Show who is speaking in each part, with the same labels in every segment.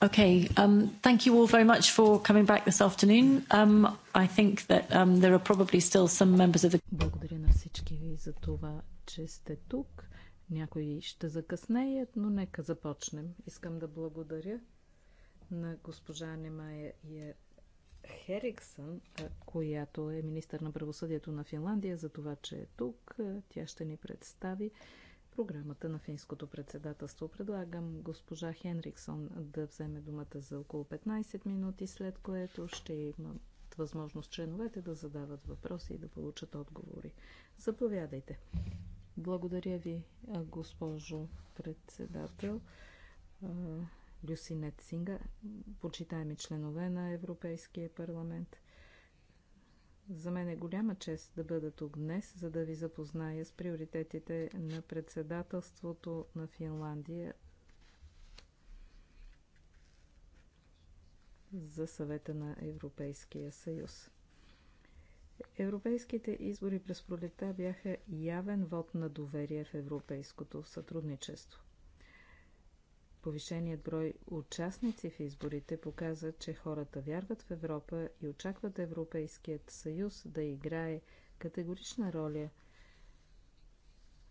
Speaker 1: Okay, um, thank you all very much
Speaker 2: for coming back this afternoon. Um, I think that um, there are probably still some members of the... Благодаря на всички ви за това, че сте тук. Някои ще закъснеят, но нека започнем. Искам да благодаря на госпожа Немая е. Хериксън, която е министър на правосъдието на Финландия, за това, че е тук. Тя ще ни представи програмата на финското председателство. Предлагам госпожа Хенриксон да вземе думата за около 15 минути, след което ще имат възможност членовете да задават въпроси и да получат отговори. Заповядайте. Благодаря ви, госпожо председател. Люсинет Синга, почитаеми членове на Европейския парламент – за мен е голяма чест да бъда тук днес, за да ви запозная с приоритетите на председателството на Финландия за съвета на Европейския съюз. Европейските избори през пролета бяха явен вод на доверие в европейското сътрудничество. Повишеният брой участници в изборите показа, че хората вярват в Европа и очакват Европейският съюз да играе категорична роля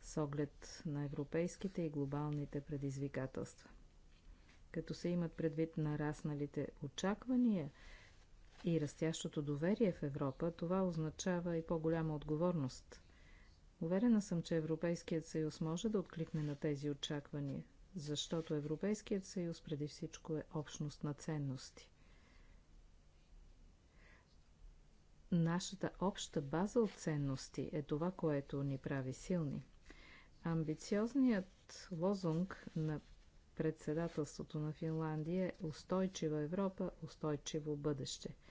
Speaker 2: с оглед на европейските и глобалните предизвикателства. Като се имат предвид нарасналите очаквания и растящото доверие в Европа, това означава и по-голяма отговорност. Уверена съм, че Европейският съюз може да откликне на тези очаквания – защото Европейският съюз преди всичко е общност на ценности. Нашата обща база от ценности е това, което ни прави силни. Амбициозният лозунг на председателството на Финландия е устойчива Европа, устойчиво бъдеще –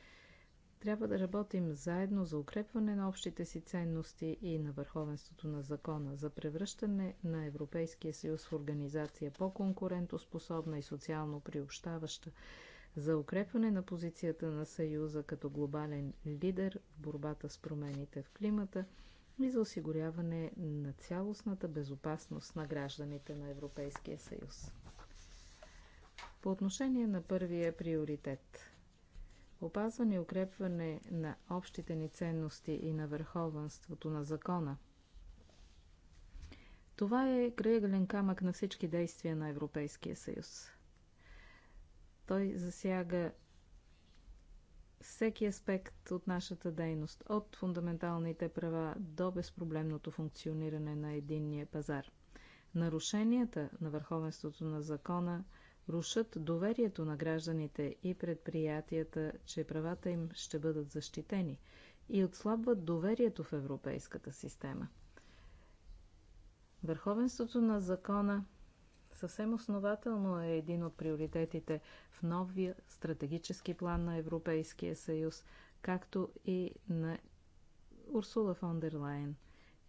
Speaker 2: трябва да работим заедно за укрепване на общите си ценности и на върховенството на закона, за превръщане на Европейския съюз в организация по-конкурентоспособна и социално приобщаваща, за укрепване на позицията на Съюза като глобален лидер в борбата с промените в климата и за осигуряване на цялостната безопасност на гражданите на Европейския съюз. По отношение на първия приоритет опазване и укрепване на общите ни ценности и на върховенството на закона. Това е кръгален камък на всички действия на Европейския съюз. Той засяга всеки аспект от нашата дейност, от фундаменталните права до безпроблемното функциониране на единния пазар. Нарушенията на върховенството на закона – рушат доверието на гражданите и предприятията, че правата им ще бъдат защитени и отслабват доверието в европейската система. Върховенството на закона съвсем основателно е един от приоритетите в новия стратегически план на Европейския съюз, както и на Урсула фон дер Лайен,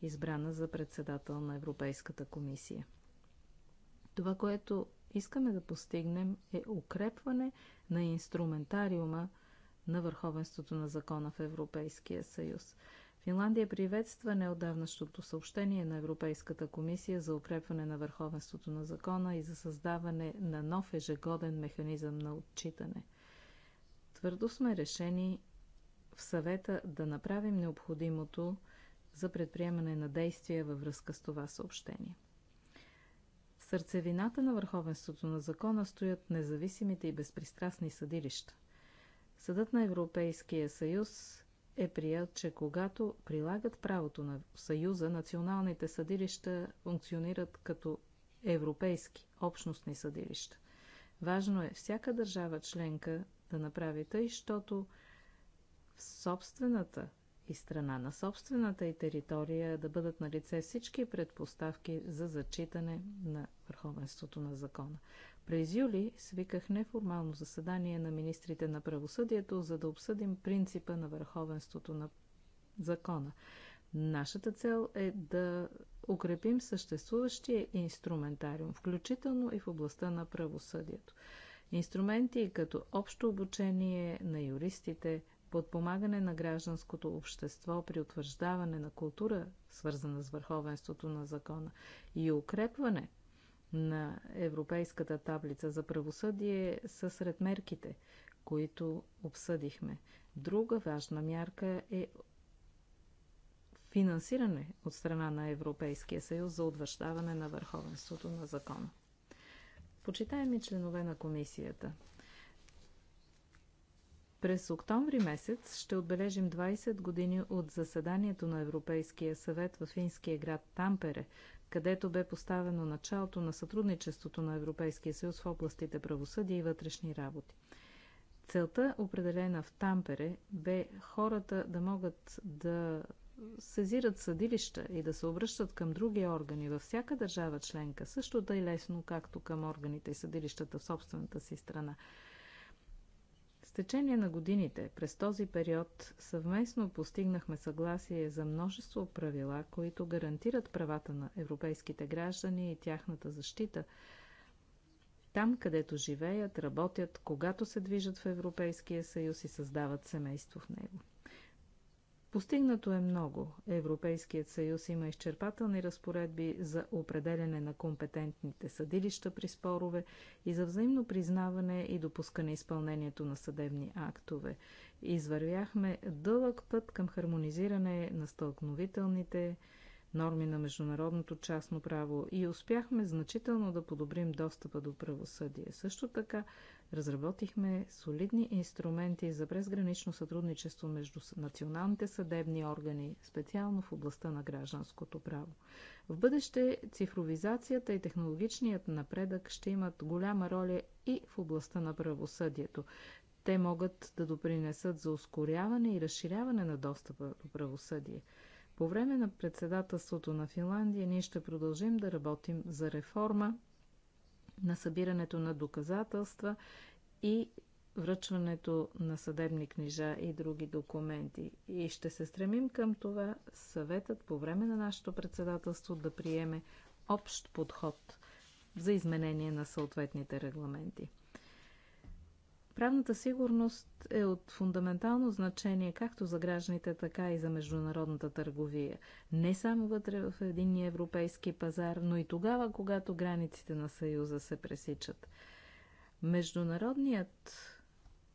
Speaker 2: избрана за председател на Европейската комисия. Това, което искаме да постигнем е укрепване на инструментариума на върховенството на закона в Европейския съюз. Финландия приветства неодавнащото съобщение на Европейската комисия за укрепване на върховенството на закона и за създаване на нов ежегоден механизъм на отчитане. Твърдо сме решени в съвета да направим необходимото за предприемане на действия във връзка с това съобщение сърцевината на върховенството на закона стоят независимите и безпристрастни съдилища. Съдът на Европейския съюз е приел, че когато прилагат правото на Съюза, националните съдилища функционират като европейски общностни съдилища. Важно е всяка държава членка да направи тъй, защото в собствената и страна на собствената и територия да бъдат на лице всички предпоставки за зачитане на върховенството на закона. През юли свиках неформално заседание на министрите на правосъдието, за да обсъдим принципа на върховенството на закона. Нашата цел е да укрепим съществуващия инструментариум, включително и в областта на правосъдието. Инструменти като общо обучение на юристите, подпомагане на гражданското общество при утвърждаване на култура, свързана с върховенството на закона и укрепване на Европейската таблица за правосъдие са сред мерките, които обсъдихме. Друга важна мярка е финансиране от страна на Европейския съюз за утвърждаване на върховенството на закона. Почитаеми членове на комисията, през октомври месец ще отбележим 20 години от заседанието на Европейския съвет в финския град Тампере, където бе поставено началото на сътрудничеството на Европейския съюз в областите правосъдие и вътрешни работи. Целта, определена в Тампере, бе хората да могат да сезират съдилища и да се обръщат към други органи във всяка държава членка, също да е лесно, както към органите и съдилищата в собствената си страна течение на годините, през този период, съвместно постигнахме съгласие за множество правила, които гарантират правата на европейските граждани и тяхната защита там, където живеят, работят, когато се движат в Европейския съюз и създават семейство в него. Постигнато е много. Европейският съюз има изчерпателни разпоредби за определене на компетентните съдилища при спорове и за взаимно признаване и допускане изпълнението на съдебни актове. Извървяхме дълъг път към хармонизиране на стълкновителните норми на международното частно право и успяхме значително да подобрим достъпа до правосъдие. Също така разработихме солидни инструменти за презгранично сътрудничество между националните съдебни органи, специално в областта на гражданското право. В бъдеще цифровизацията и технологичният напредък ще имат голяма роля и в областта на правосъдието. Те могат да допринесат за ускоряване и разширяване на достъпа до правосъдие – по време на председателството на Финландия ние ще продължим да работим за реформа на събирането на доказателства и връчването на съдебни книжа и други документи. И ще се стремим към това съветът по време на нашето председателство да приеме общ подход за изменение на съответните регламенти. Правната сигурност е от фундаментално значение както за гражданите, така и за международната търговия. Не само вътре в единния европейски пазар, но и тогава, когато границите на Съюза се пресичат. Международният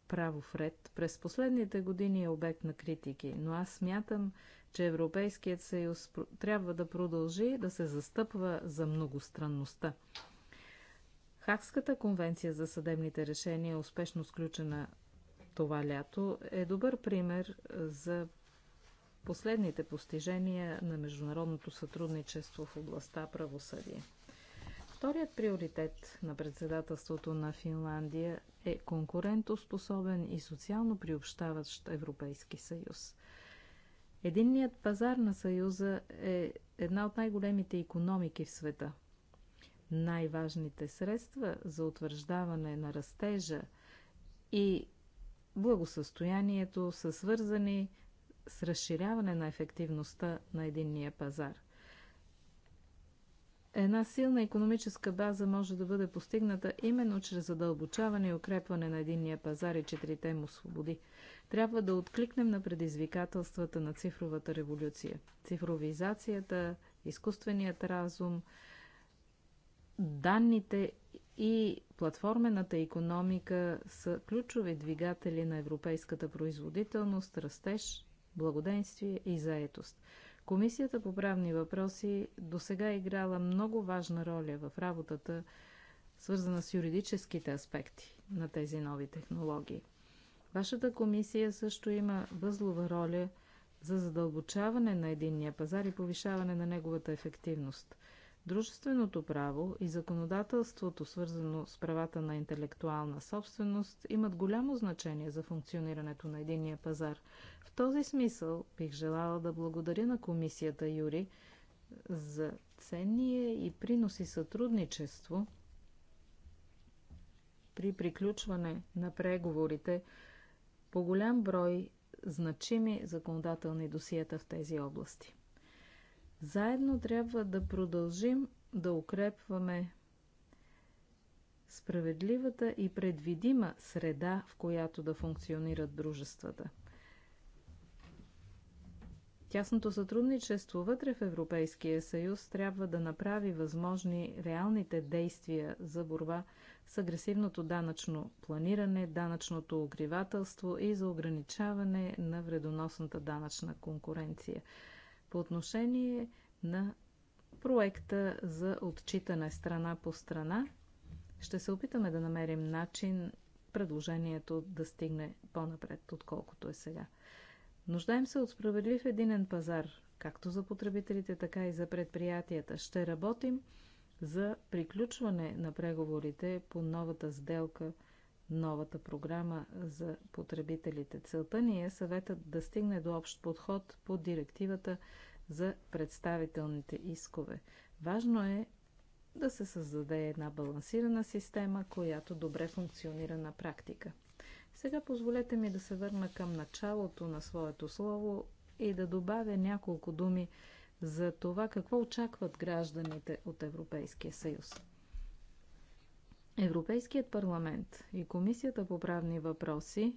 Speaker 2: правов ред през последните години е обект на критики, но аз смятам, че Европейският съюз трябва да продължи да се застъпва за многостранността. Хакската конвенция за съдебните решения, успешно сключена това лято, е добър пример за последните постижения на международното сътрудничество в областта правосъдие. Вторият приоритет на председателството на Финландия е конкурентоспособен и социално приобщаващ Европейски съюз. Единният пазар на Съюза е една от най-големите економики в света най-важните средства за утвърждаване на растежа и благосъстоянието са свързани с разширяване на ефективността на единния пазар. Една силна економическа база може да бъде постигната именно чрез задълбочаване и укрепване на единния пазар и четирите му свободи. Трябва да откликнем на предизвикателствата на цифровата революция. Цифровизацията, изкуственият разум – данните и платформената економика са ключови двигатели на европейската производителност, растеж, благоденствие и заетост. Комисията по правни въпроси до сега е играла много важна роля в работата, свързана с юридическите аспекти на тези нови технологии. Вашата комисия също има възлова роля за задълбочаване на единния пазар и повишаване на неговата ефективност – Дружественото право и законодателството, свързано с правата на интелектуална собственост, имат голямо значение за функционирането на единния пазар. В този смисъл бих желала да благодаря на комисията Юри за ценния и принос и сътрудничество при приключване на преговорите по голям брой значими законодателни досиета в тези области. Заедно трябва да продължим да укрепваме справедливата и предвидима среда, в която да функционират дружествата. Тясното сътрудничество вътре в Европейския съюз трябва да направи възможни реалните действия за борба с агресивното данъчно планиране, данъчното огривателство и за ограничаване на вредоносната данъчна конкуренция по отношение на проекта за отчитане страна по страна. Ще се опитаме да намерим начин предложението да стигне по-напред, отколкото е сега. Нуждаем се от справедлив единен пазар, както за потребителите, така и за предприятията. Ще работим за приключване на преговорите по новата сделка – новата програма за потребителите. Целта ни е съветът да стигне до общ подход по директивата за представителните искове. Важно е да се създаде една балансирана система, която добре функционира на практика. Сега позволете ми да се върна към началото на своето слово и да добавя няколко думи за това какво очакват гражданите от Европейския съюз. Европейският парламент и Комисията по правни въпроси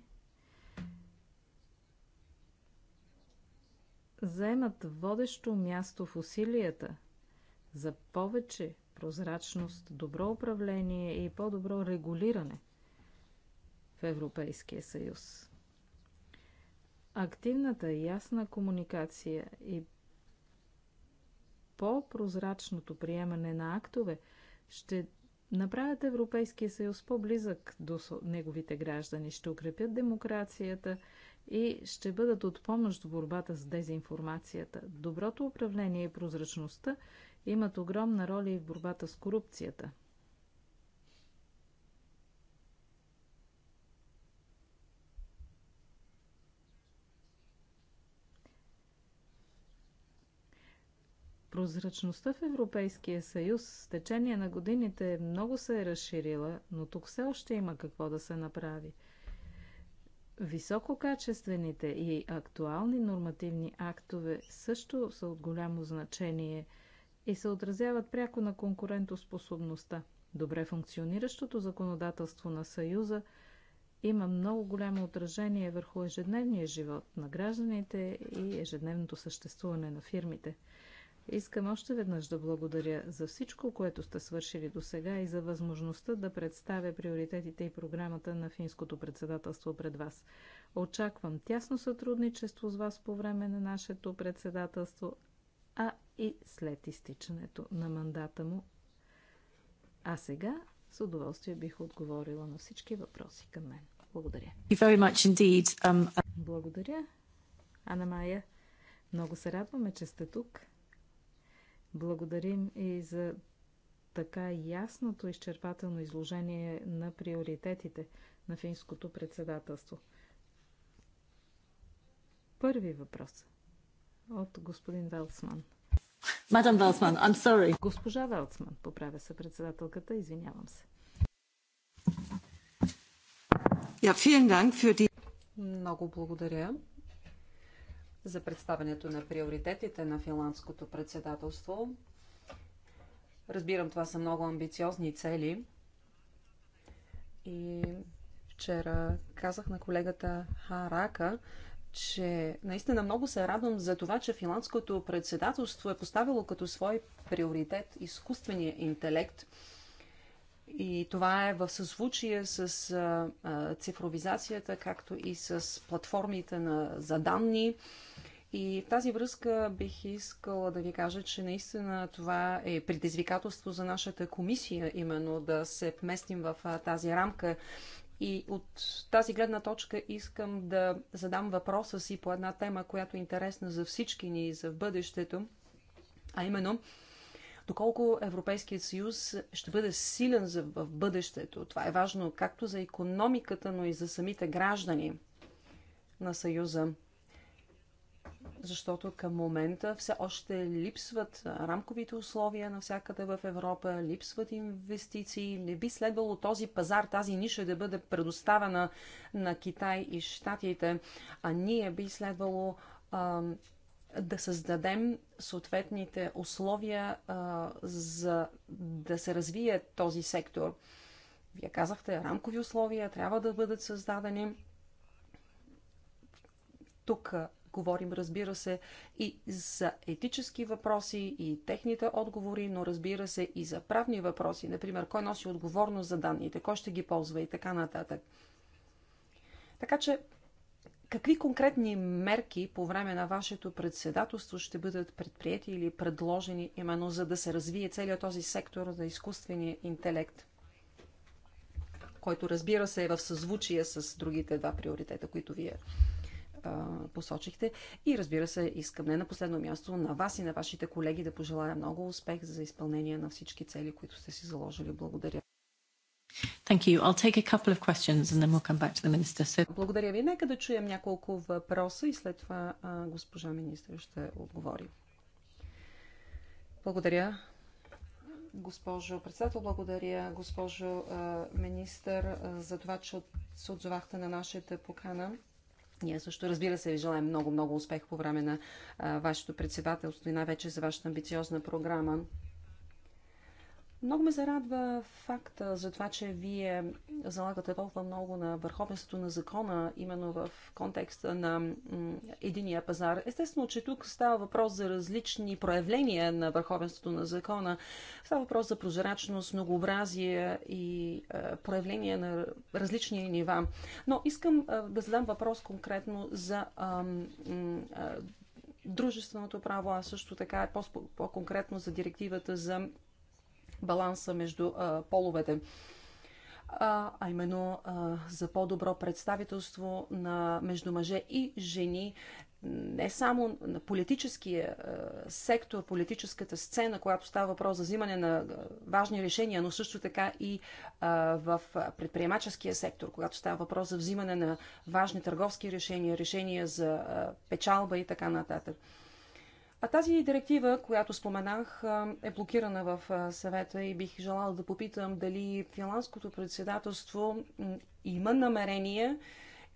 Speaker 2: заемат водещо място в усилията за повече прозрачност, добро управление и по-добро регулиране в Европейския съюз. Активната и ясна комуникация и по-прозрачното приемане на актове ще направят Европейския съюз по-близък до неговите граждани, ще укрепят демокрацията и ще бъдат от помощ в борбата с дезинформацията. Доброто управление и прозрачността имат огромна роля и в борбата с корупцията. Прозрачността в Европейския съюз с течение на годините много се е разширила, но тук все още има какво да се направи. Висококачествените и актуални нормативни актове също са от голямо значение и се отразяват пряко на конкурентоспособността. Добре функциониращото законодателство на Съюза има много голямо отражение върху ежедневния живот на гражданите и ежедневното съществуване на фирмите – Искам още веднъж да благодаря за всичко, което сте свършили до сега и за възможността да представя приоритетите и програмата на финското председателство пред вас. Очаквам тясно сътрудничество с вас по време на нашето председателство, а и след изтичането на мандата му. А сега с удоволствие бих отговорила на всички въпроси към мен. Благодаря. Um, благодаря, Анна Майя. Много се радваме, че сте тук. Благодарим и за така ясното изчерпателно изложение на приоритетите на финското председателство. Първи въпрос от господин Велцман. Мадам Велсман, I'm sorry. Госпожа Велцман, поправя се председателката, извинявам се.
Speaker 3: Ja, vielen Dank für die... Много благодаря за представянето на приоритетите на финландското председателство. Разбирам, това са много амбициозни цели. И вчера казах на колегата Харака, че наистина много се радвам за това, че финландското председателство е поставило като свой приоритет изкуствения интелект – и това е в съзвучие с а, а, цифровизацията, както и с платформите на, за данни. И в тази връзка бих искала да ви кажа, че наистина това е предизвикателство за нашата комисия, именно да се вместим в а, тази рамка. И от тази гледна точка искам да задам въпроса си по една тема, която е интересна за всички ни и за бъдещето, а именно доколко Европейският съюз ще бъде силен за, в бъдещето. Това е важно както за економиката, но и за самите граждани на съюза. Защото към момента все още липсват рамковите условия навсякъде в Европа, липсват инвестиции. Не би следвало този пазар, тази ниша да бъде предоставена на Китай и Штатите, а ние би следвало да създадем съответните условия а, за да се развие този сектор. Вие казахте, рамкови условия трябва да бъдат създадени. Тук а, говорим, разбира се, и за етически въпроси и техните отговори, но разбира се и за правни въпроси. Например, кой носи отговорност за данните, кой ще ги ползва и така нататък. Така че Какви конкретни мерки по време на вашето председателство ще бъдат предприяти или предложени именно за да се развие целият този сектор на изкуствения интелект, който разбира се е в съзвучие с другите два приоритета, които вие посочихте. И разбира се, искам не на последно място на вас и на вашите колеги да пожелая много успех за изпълнение на всички цели, които сте си заложили. Благодаря.
Speaker 1: Thank you. I'll take a couple of questions and then we'll come back to the minister. So...
Speaker 3: Благодаря ви. Нека да чуем няколко въпроса и след това а, госпожа министър ще отговори. Благодаря. Госпожо председател, благодаря, госпожо а, министър, а, за това, че от, се отзовахте на нашата покана. Ние също, разбира се, ви желаем много-много успех по време на а, вашето председателство и най-вече за вашата амбициозна програма. Много ме зарадва факта за това, че вие залагате толкова много на върховенството на закона, именно в контекста на единия пазар. Естествено, че тук става въпрос за различни проявления на върховенството на закона. Става въпрос за прозрачност, многообразие и е, проявление на различни нива. Но искам е, да задам въпрос конкретно за е, дружественото право, а също така по-конкретно за директивата за баланса между а, половете. А, а именно а, за по-добро представителство на между мъже и жени не само на политическия сектор, политическата сцена, която става въпрос за взимане на важни решения, но също така и в предприемаческия сектор, когато става въпрос за взимане на важни търговски решения, решения за печалба и така нататък. А тази директива, която споменах, е блокирана в съвета и бих желала да попитам дали финландското председателство има намерение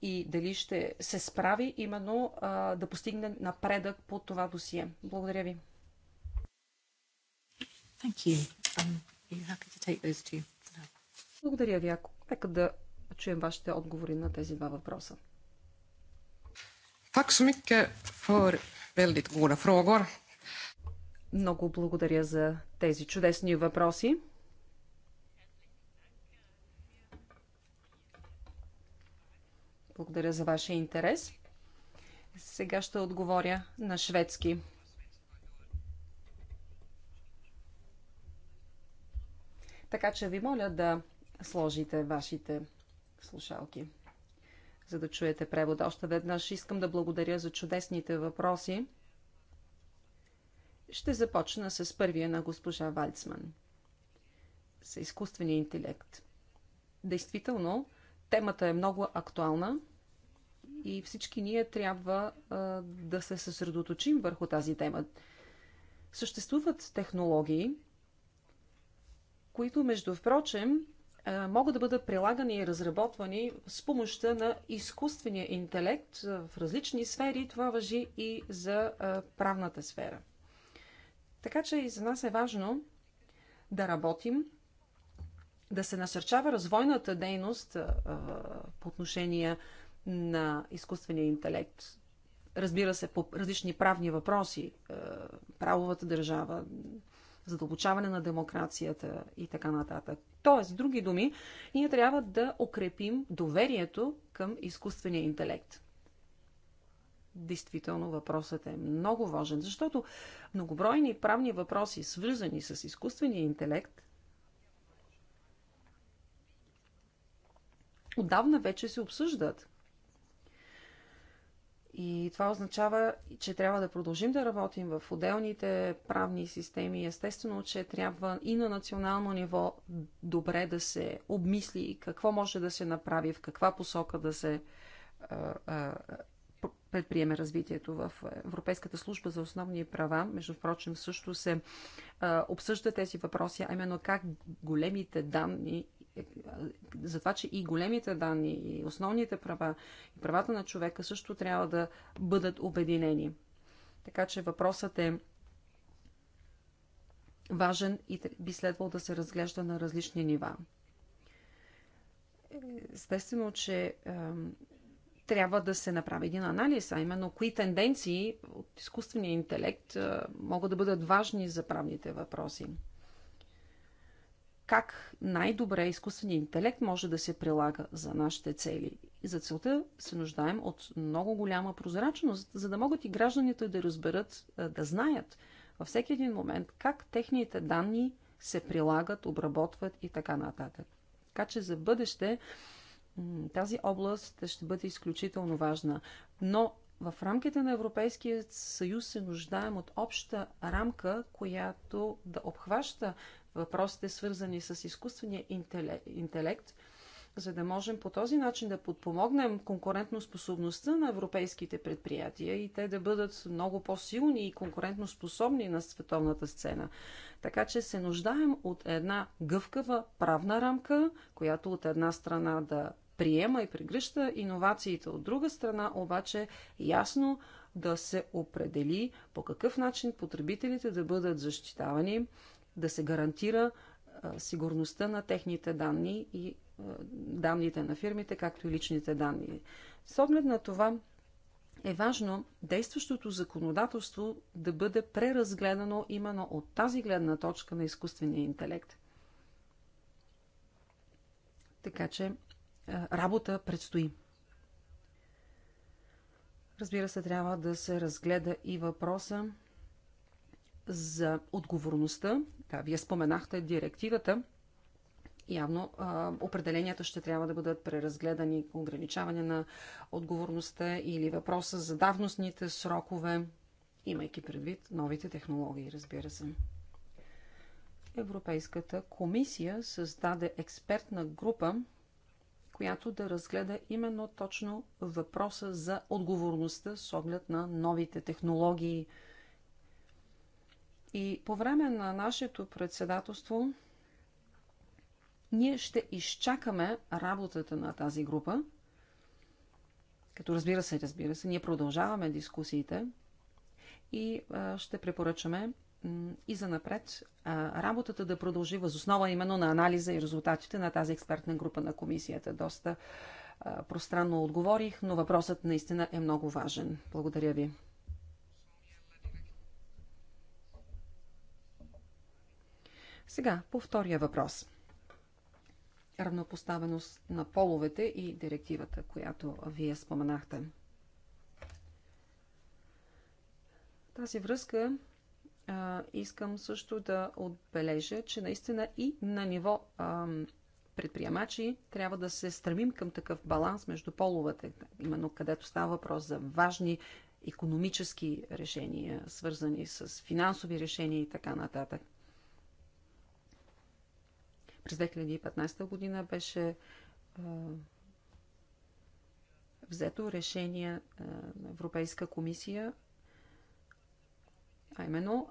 Speaker 3: и дали ще се справи именно да постигне напредък по това досие. Благодаря ви. Благодаря ви. Ако нека да чуем вашите отговори на тези два въпроса.
Speaker 1: Tack så mycket för väldigt goda frågor.
Speaker 3: Много благодаря за тези чудесни въпроси. Благодаря за вашия интерес. Сега ще отговоря на шведски. Така че ви моля да сложите вашите слушалки за да чуете превода Още веднъж искам да благодаря за чудесните въпроси. Ще започна с първия на госпожа Вальцман. С изкуствения интелект. Действително, темата е много актуална и всички ние трябва а, да се съсредоточим върху тази тема. Съществуват технологии, които, между впрочем, могат да бъдат прилагани и разработвани с помощта на изкуствения интелект в различни сфери. Това въжи и за правната сфера. Така че и за нас е важно да работим, да се насърчава развойната дейност по отношение на изкуствения интелект. Разбира се, по различни правни въпроси, правовата държава, задълбочаване на демокрацията и така нататък. Тоест, други думи, ние трябва да укрепим доверието към изкуствения интелект. Действително въпросът е много важен, защото многобройни правни въпроси, свързани с изкуствения интелект, отдавна вече се обсъждат и това означава, че трябва да продължим да работим в отделните правни системи. Естествено, че трябва и на национално ниво добре да се обмисли какво може да се направи, в каква посока да се предприеме развитието в Европейската служба за основни права. Между впрочем, също се обсъжда тези въпроси, а именно как големите данни за това, че и големите данни, и основните права, и правата на човека също трябва да бъдат обединени. Така че въпросът е важен и би следвал да се разглежда на различни нива. Естествено, че трябва да се направи един анализ, а именно кои тенденции от изкуствения интелект могат да бъдат важни за правните въпроси как най-добре изкуственият интелект може да се прилага за нашите цели. И за целта се нуждаем от много голяма прозрачност, за да могат и гражданите да разберат, да знаят във всеки един момент как техните данни се прилагат, обработват и така нататък. Така че за бъдеще тази област ще бъде изключително важна. Но в рамките на Европейския съюз се нуждаем от обща рамка, която да обхваща въпросите, свързани с изкуствения интелект, за да можем по този начин да подпомогнем конкурентоспособността на европейските предприятия и те да бъдат много по-силни и конкурентоспособни на световната сцена. Така че се нуждаем от една гъвкава правна рамка, която от една страна да приема и прегръща иновациите, от друга страна обаче ясно да се определи по какъв начин потребителите да бъдат защитавани, да се гарантира сигурността на техните данни и данните на фирмите, както и личните данни. С оглед на това е важно действащото законодателство да бъде преразгледано именно от тази гледна точка на изкуствения интелект. Така че работа предстои. Разбира се, трябва да се разгледа и въпроса за отговорността. Да, вие споменахте директивата. Явно а, определенията ще трябва да бъдат преразгледани, ограничаване на отговорността или въпроса за давностните срокове, имайки предвид новите технологии, разбира се. Европейската комисия създаде експертна група, която да разгледа именно точно въпроса за отговорността с оглед на новите технологии, и по време на нашето председателство ние ще изчакаме работата на тази група, като разбира се, разбира се, ние продължаваме дискусиите и ще препоръчаме и за напред работата да продължи възоснова именно на анализа и резултатите на тази експертна група на комисията. Доста пространно отговорих, но въпросът наистина е много важен. Благодаря ви. Сега, по втория въпрос. Равнопоставеност на половете и директивата, която вие споменахте. Тази връзка а, искам също да отбележа, че наистина и на ниво а, предприемачи трябва да се стремим към такъв баланс между половете, именно където става въпрос за важни економически решения, свързани с финансови решения и така нататък. През 2015 година беше взето решение на Европейска комисия, а именно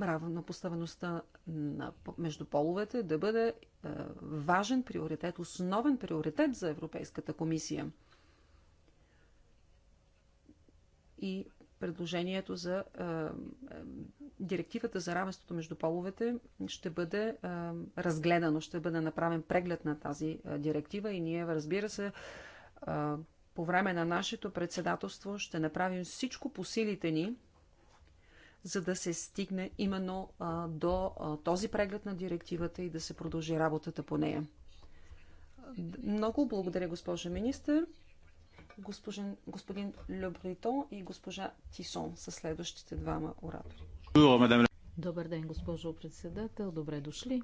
Speaker 3: равнопоставеността на, между половете да бъде важен приоритет, основен приоритет за Европейската комисия. И предложението за а, е, е, директивата за равенството между половете ще бъде а, е, разгледано, ще бъде направен преглед на тази а, директива и ние, разбира се, а, по време на нашето председателство ще направим всичко по силите ни, за да се стигне именно а, до а, този преглед на директивата и да се продължи работата по нея. Много благодаря, госпожа министър. Господин, господин Лебритон и госпожа Тисон са следващите двама оратори.
Speaker 2: Добър ден, госпожо председател. Добре дошли.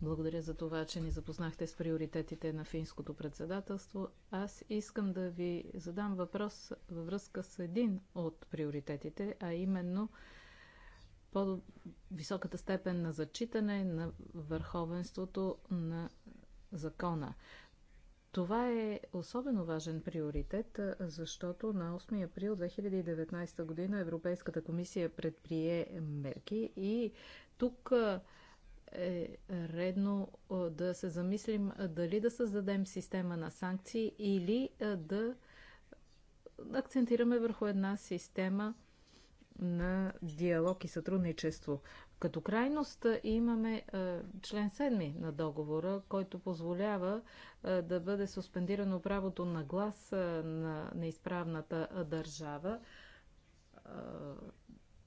Speaker 2: Благодаря за това, че ни запознахте с приоритетите на финското председателство. Аз искам да ви задам въпрос във връзка с един от приоритетите, а именно по-високата степен на зачитане на върховенството на закона. Това е особено важен приоритет, защото на 8 април 2019 година Европейската комисия предприе мерки и тук е редно да се замислим дали да създадем система на санкции или да акцентираме върху една система на диалог и сътрудничество. Като крайност имаме член 7 на договора, който позволява да бъде суспендирано правото на глас на неизправната държава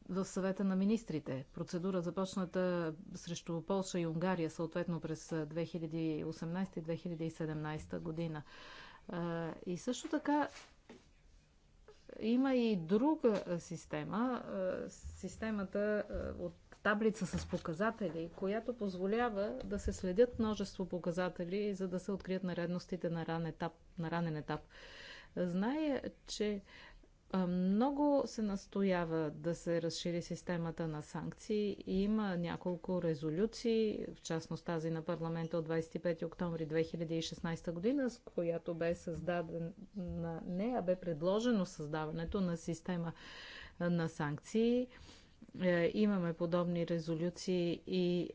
Speaker 2: в съвета на министрите. Процедура започната срещу Полша и Унгария, съответно през 2018-2017 година. И също така има и друга система, системата от таблица с показатели, която позволява да се следят множество показатели, за да се открият наредностите на, ран етап, на ранен етап. Зная, че много се настоява да се разшири системата на санкции. Има няколко резолюции, в частност тази на парламента от 25 октомври 2016 година, с която бе създадена, не, а бе предложено създаването на система на санкции. Е, имаме подобни резолюции и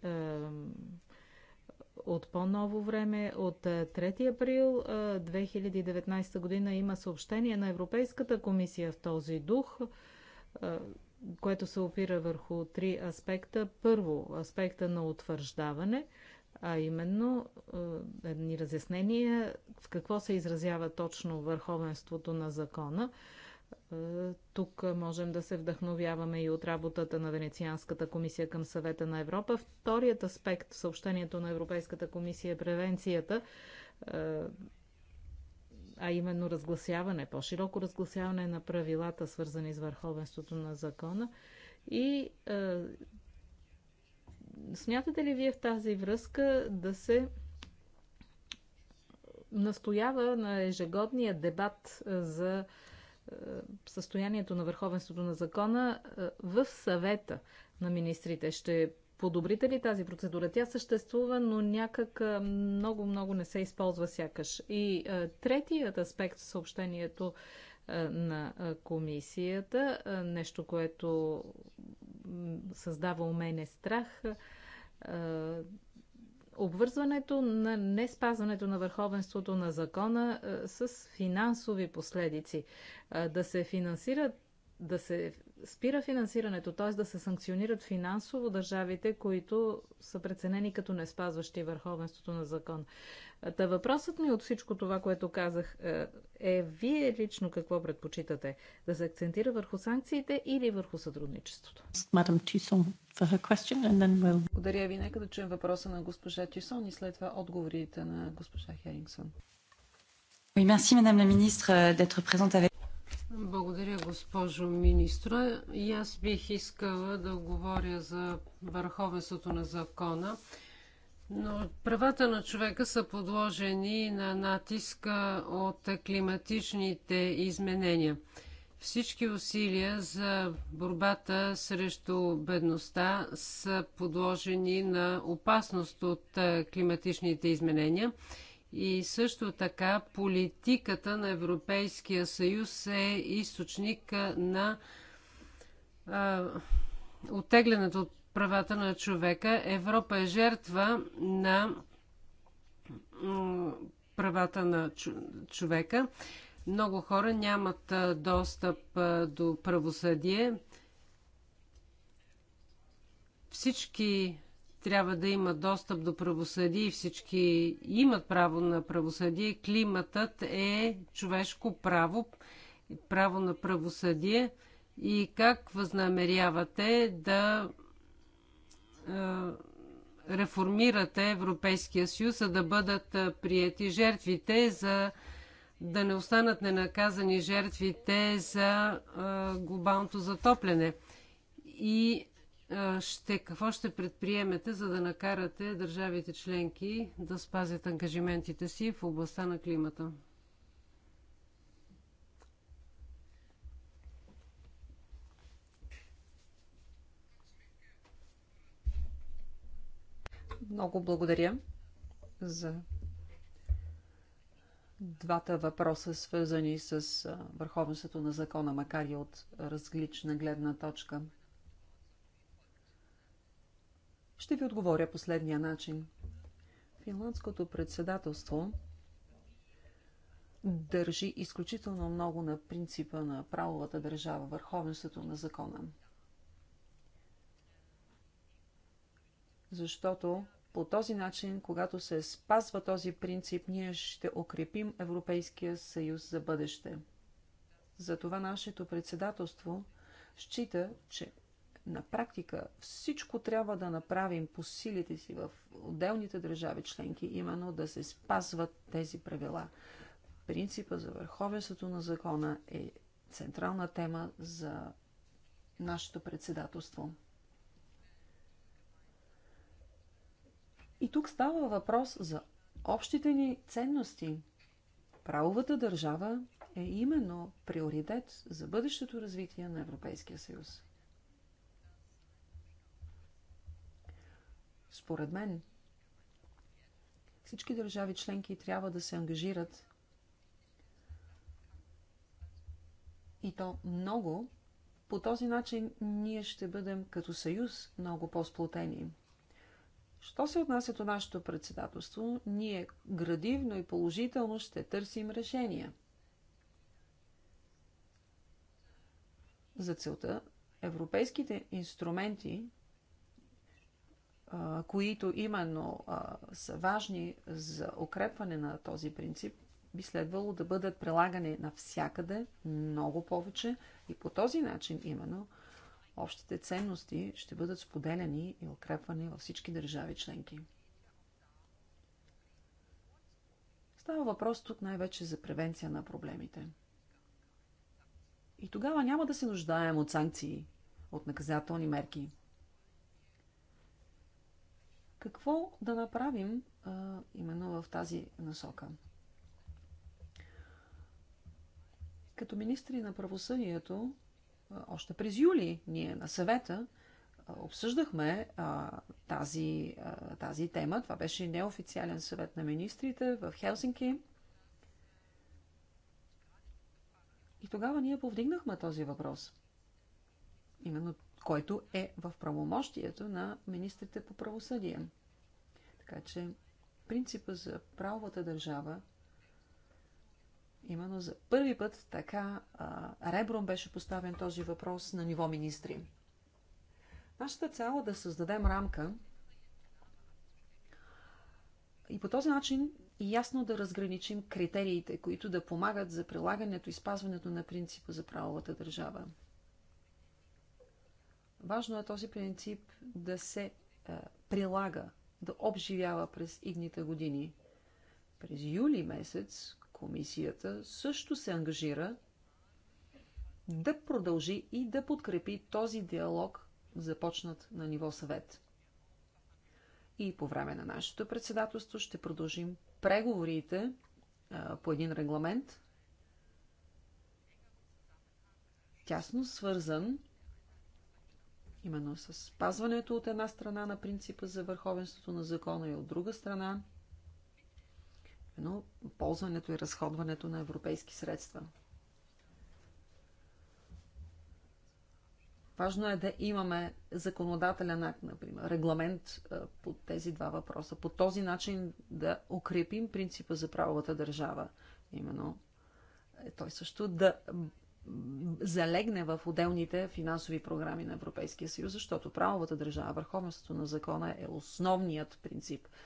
Speaker 2: от по-ново време, от 3 е, април 2019 е, година има съобщение на Европейската комисия в този дух, което се опира върху три аспекта. Първо, аспекта на утвърждаване, а именно едни разяснения в какво се изразява точно върховенството на закона. Е, тук можем да се вдъхновяваме и от работата на Венецианската комисия към съвета на Европа. Вторият аспект в съобщението на Европейската комисия е превенцията, е, а именно разгласяване, по-широко разгласяване на правилата, свързани с върховенството на закона. И е, смятате ли вие в тази връзка да се настоява на ежегодния дебат за е, състоянието на върховенството на закона е, в съвета на министрите. Ще подобрите ли тази процедура? Тя съществува, но някак много-много е, не се използва сякаш. И третият аспект в съобщението на комисията, нещо, което създава у мене страх, обвързването на не спазването на върховенството на закона е, с финансови последици. Е, да се финансират да се спира финансирането, т.е. да се санкционират финансово държавите, които са преценени като не спазващи върховенството на закон. Та въпросът ми от всичко това, което казах, е, е вие лично какво предпочитате? Да се акцентира върху санкциите или върху сътрудничеството?
Speaker 3: Благодаря ви. Нека да чуем въпроса на госпожа Тюсон и след това отговорите на госпожа Херингсон.
Speaker 1: merci, Madame la Ministre, euh, d'être présente avec
Speaker 3: благодаря, госпожо
Speaker 1: министра. И аз бих искала да говоря за върховенството на закона. Но правата на човека са подложени на натиска от климатичните изменения. Всички усилия за борбата срещу бедността са подложени на опасност от климатичните изменения. И също така политиката на Европейския съюз е източник на оттеглянето от правата на човека. Европа е жертва на правата на човека. Много хора нямат достъп до правосъдие. Всички трябва да имат достъп до правосъдие и всички имат право на правосъдие. Климатът е човешко право, право на правосъдие. И как възнамерявате да е, реформирате Европейския съюз, за да бъдат е, приети жертвите, за да не останат ненаказани жертвите за е, глобалното затопляне? И ще, какво ще предприемете, за да накарате държавите членки да спазят ангажиментите си в областта на климата?
Speaker 3: Много благодаря за двата въпроса, свързани с върховенството на закона, макар и от различна гледна точка. Ще ви отговоря последния начин. Финландското председателство държи изключително много на принципа на правовата държава, върховенството на закона. защото по този начин, когато се спазва този принцип, ние ще укрепим Европейския съюз за бъдеще. Затова нашето председателство счита, че на практика всичко трябва да направим по силите си в отделните държави членки, именно да се спазват тези правила. Принципа за върховенството на закона е централна тема за нашето председателство. И тук става въпрос за общите ни ценности. Правовата държава е именно приоритет за бъдещето развитие на Европейския съюз. Според мен, всички държави членки трябва да се ангажират и то много. По този начин ние ще бъдем като съюз много по-сплотени. Що се отнася до нашето председателство, ние градивно и положително ще търсим решения. За целта европейските инструменти, които именно са важни за укрепване на този принцип, би следвало да бъдат прилагани навсякъде много повече и по този начин именно – Общите ценности ще бъдат споделяни и укрепвани във всички държави членки. Става въпрос тук най-вече за превенция на проблемите. И тогава няма да се нуждаем от санкции, от наказателни мерки. Какво да направим а, именно в тази насока? Като министри на правосъдието още през юли ние на съвета обсъждахме а, тази, а, тази тема. Това беше неофициален съвет на министрите в Хелсинки. И тогава ние повдигнахме този въпрос. Именно който е в правомощието на министрите по правосъдие. Така че принципа за правовата държава Именно за първи път така а, ребром беше поставен този въпрос на ниво министри. Нашата цяло е да създадем рамка и по този начин ясно да разграничим критериите, които да помагат за прилагането и спазването на принципа за правовата държава. Важно е този принцип да се а, е, прилага, да обживява през идните години. През юли месец Комисията също се ангажира да продължи и да подкрепи този диалог, започнат на ниво съвет. И по време на нашето председателство ще продължим преговорите а, по един регламент, тясно свързан именно с спазването от една страна на принципа за върховенството на закона и от друга страна но ползването и разходването на европейски средства. Важно е да имаме законодателен акт, например, регламент е, по тези два въпроса. По този начин да укрепим принципа за правовата държава. Именно е, той също да залегне в отделните финансови програми на Европейския съюз, защото правовата държава, върховенството на закона е основният принцип –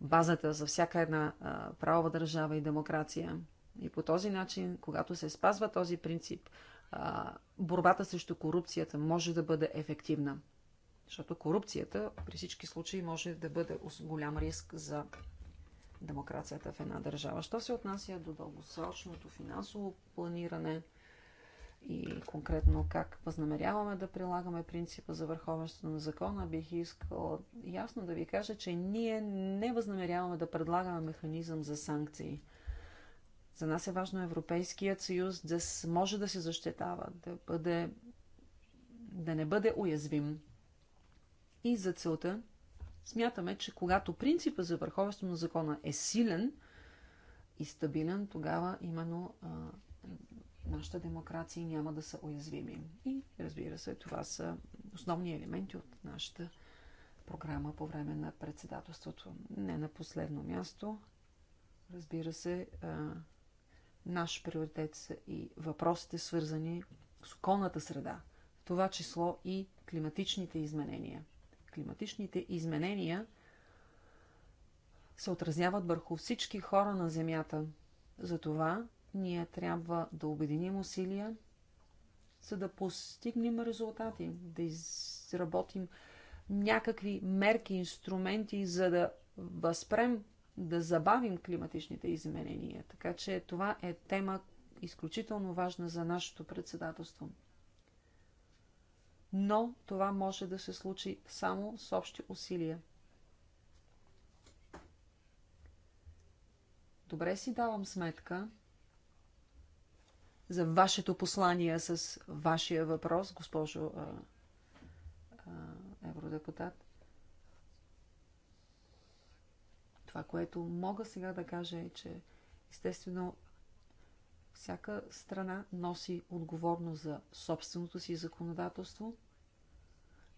Speaker 3: базата за всяка една правова държава и демокрация. И по този начин, когато се спазва този принцип, борбата срещу корупцията може да бъде ефективна. Защото корупцията при всички случаи може да бъде голям риск за демокрацията в една държава. Що се отнася до дългосрочното финансово планиране – и конкретно как възнамеряваме да прилагаме принципа за върховенство на закона, бих искала ясно да ви кажа, че ние не възнамеряваме да предлагаме механизъм за санкции. За нас е важно Европейският съюз да може да се защитава, да, бъде, да не бъде уязвим. И за целта смятаме, че когато принципа за върховенство на закона е силен и стабилен, тогава именно демокрация и няма да са уязвими. И разбира се, това са основни елементи от нашата програма по време на председателството. Не на последно място, разбира се, наш приоритет са и въпросите, свързани с околната среда, в това число и климатичните изменения. Климатичните изменения се отразяват върху всички хора на Земята. Затова ние трябва да обединим усилия, за да постигнем резултати, да изработим някакви мерки, инструменти, за да възпрем, да забавим климатичните изменения. Така че това е тема изключително важна за нашето председателство. Но това може да се случи само с общи усилия. Добре си давам сметка, за вашето послание с вашия въпрос, госпожо а, а, евродепутат. Това, което мога сега да кажа е, че естествено всяка страна носи отговорност за собственото си законодателство,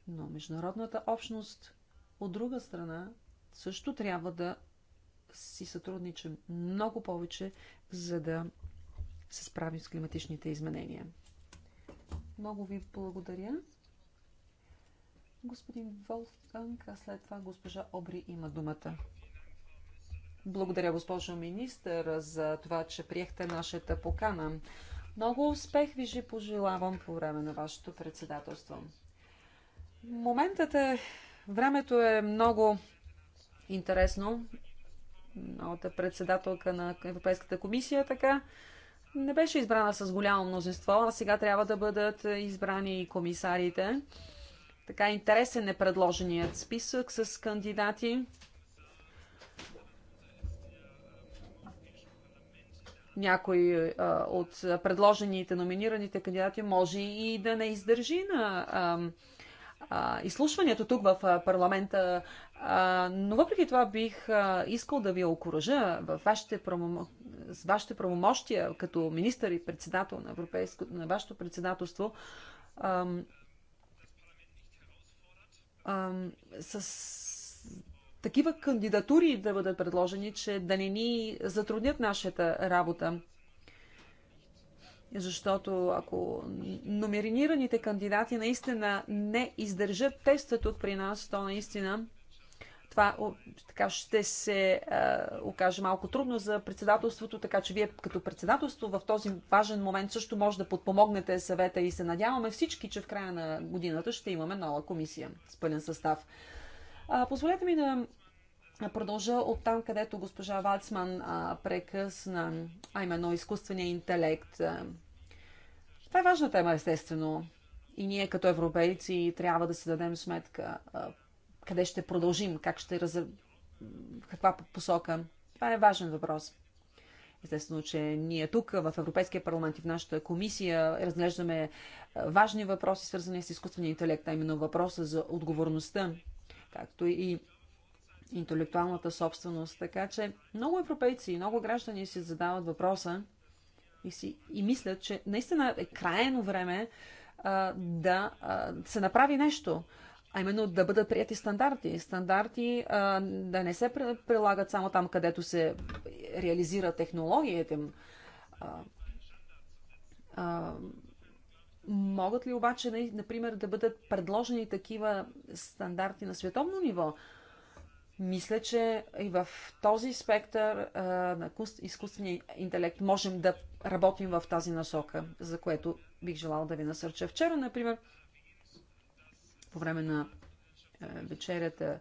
Speaker 3: но международната общност от друга страна също трябва да си сътрудничим много повече, за да се справим с климатичните изменения. Много ви благодаря. Господин Волфганг, а след това госпожа Обри има думата. Благодаря, госпожо министър, за това, че приехте нашата покана. Много успех ви же пожелавам по време на вашето председателство. Моментът е, времето е много интересно. Новата председателка на Европейската комисия така не беше избрана с голямо мнозинство, а сега трябва да бъдат избрани и комисарите. Така интересен е предложеният списък с кандидати. някой а, от предложените, номинираните кандидати може и да не издържи на а, изслушването тук в парламента, но въпреки това бих искал да ви окоръжа в вашите правомощи с вашите правомощия като министър и председател на, европейско... на вашето председателство ам... Ам... с такива кандидатури да бъдат предложени, че да не ни затруднят нашата работа. Защото ако номеринираните кандидати наистина не издържат теста тук при нас, то наистина това така ще се а, окаже малко трудно за председателството, така че вие като председателство в този важен момент също може да подпомогнете съвета и се надяваме всички, че в края на годината ще имаме нова комисия с пълен състав. А, позволете ми да продължа от там, където госпожа Вацман прекъсна, а именно изкуствения интелект. Това е важна тема, естествено. И ние като европейци трябва да си дадем сметка а, къде ще продължим, как ще раз... каква посока. Това е важен въпрос. Естествено, че ние тук в Европейския парламент и в нашата комисия разглеждаме важни въпроси, свързани с изкуствения интелект, а именно въпроса за отговорността, както и интелектуалната собственост. Така че много европейци и много граждани си задават въпроса и, си, и мислят, че наистина е крайно време а, да а, се направи нещо. А именно да бъдат прияти стандарти. Стандарти а, да не се прилагат само там, където се реализира технологията им. А, а, могат ли обаче, например, да бъдат предложени такива стандарти на световно ниво? Мисля, че и в този спектър а, на изкуствения интелект можем да работим в тази насока, за което бих желала да ви насърча. Вчера, например, по време на а, вечерята,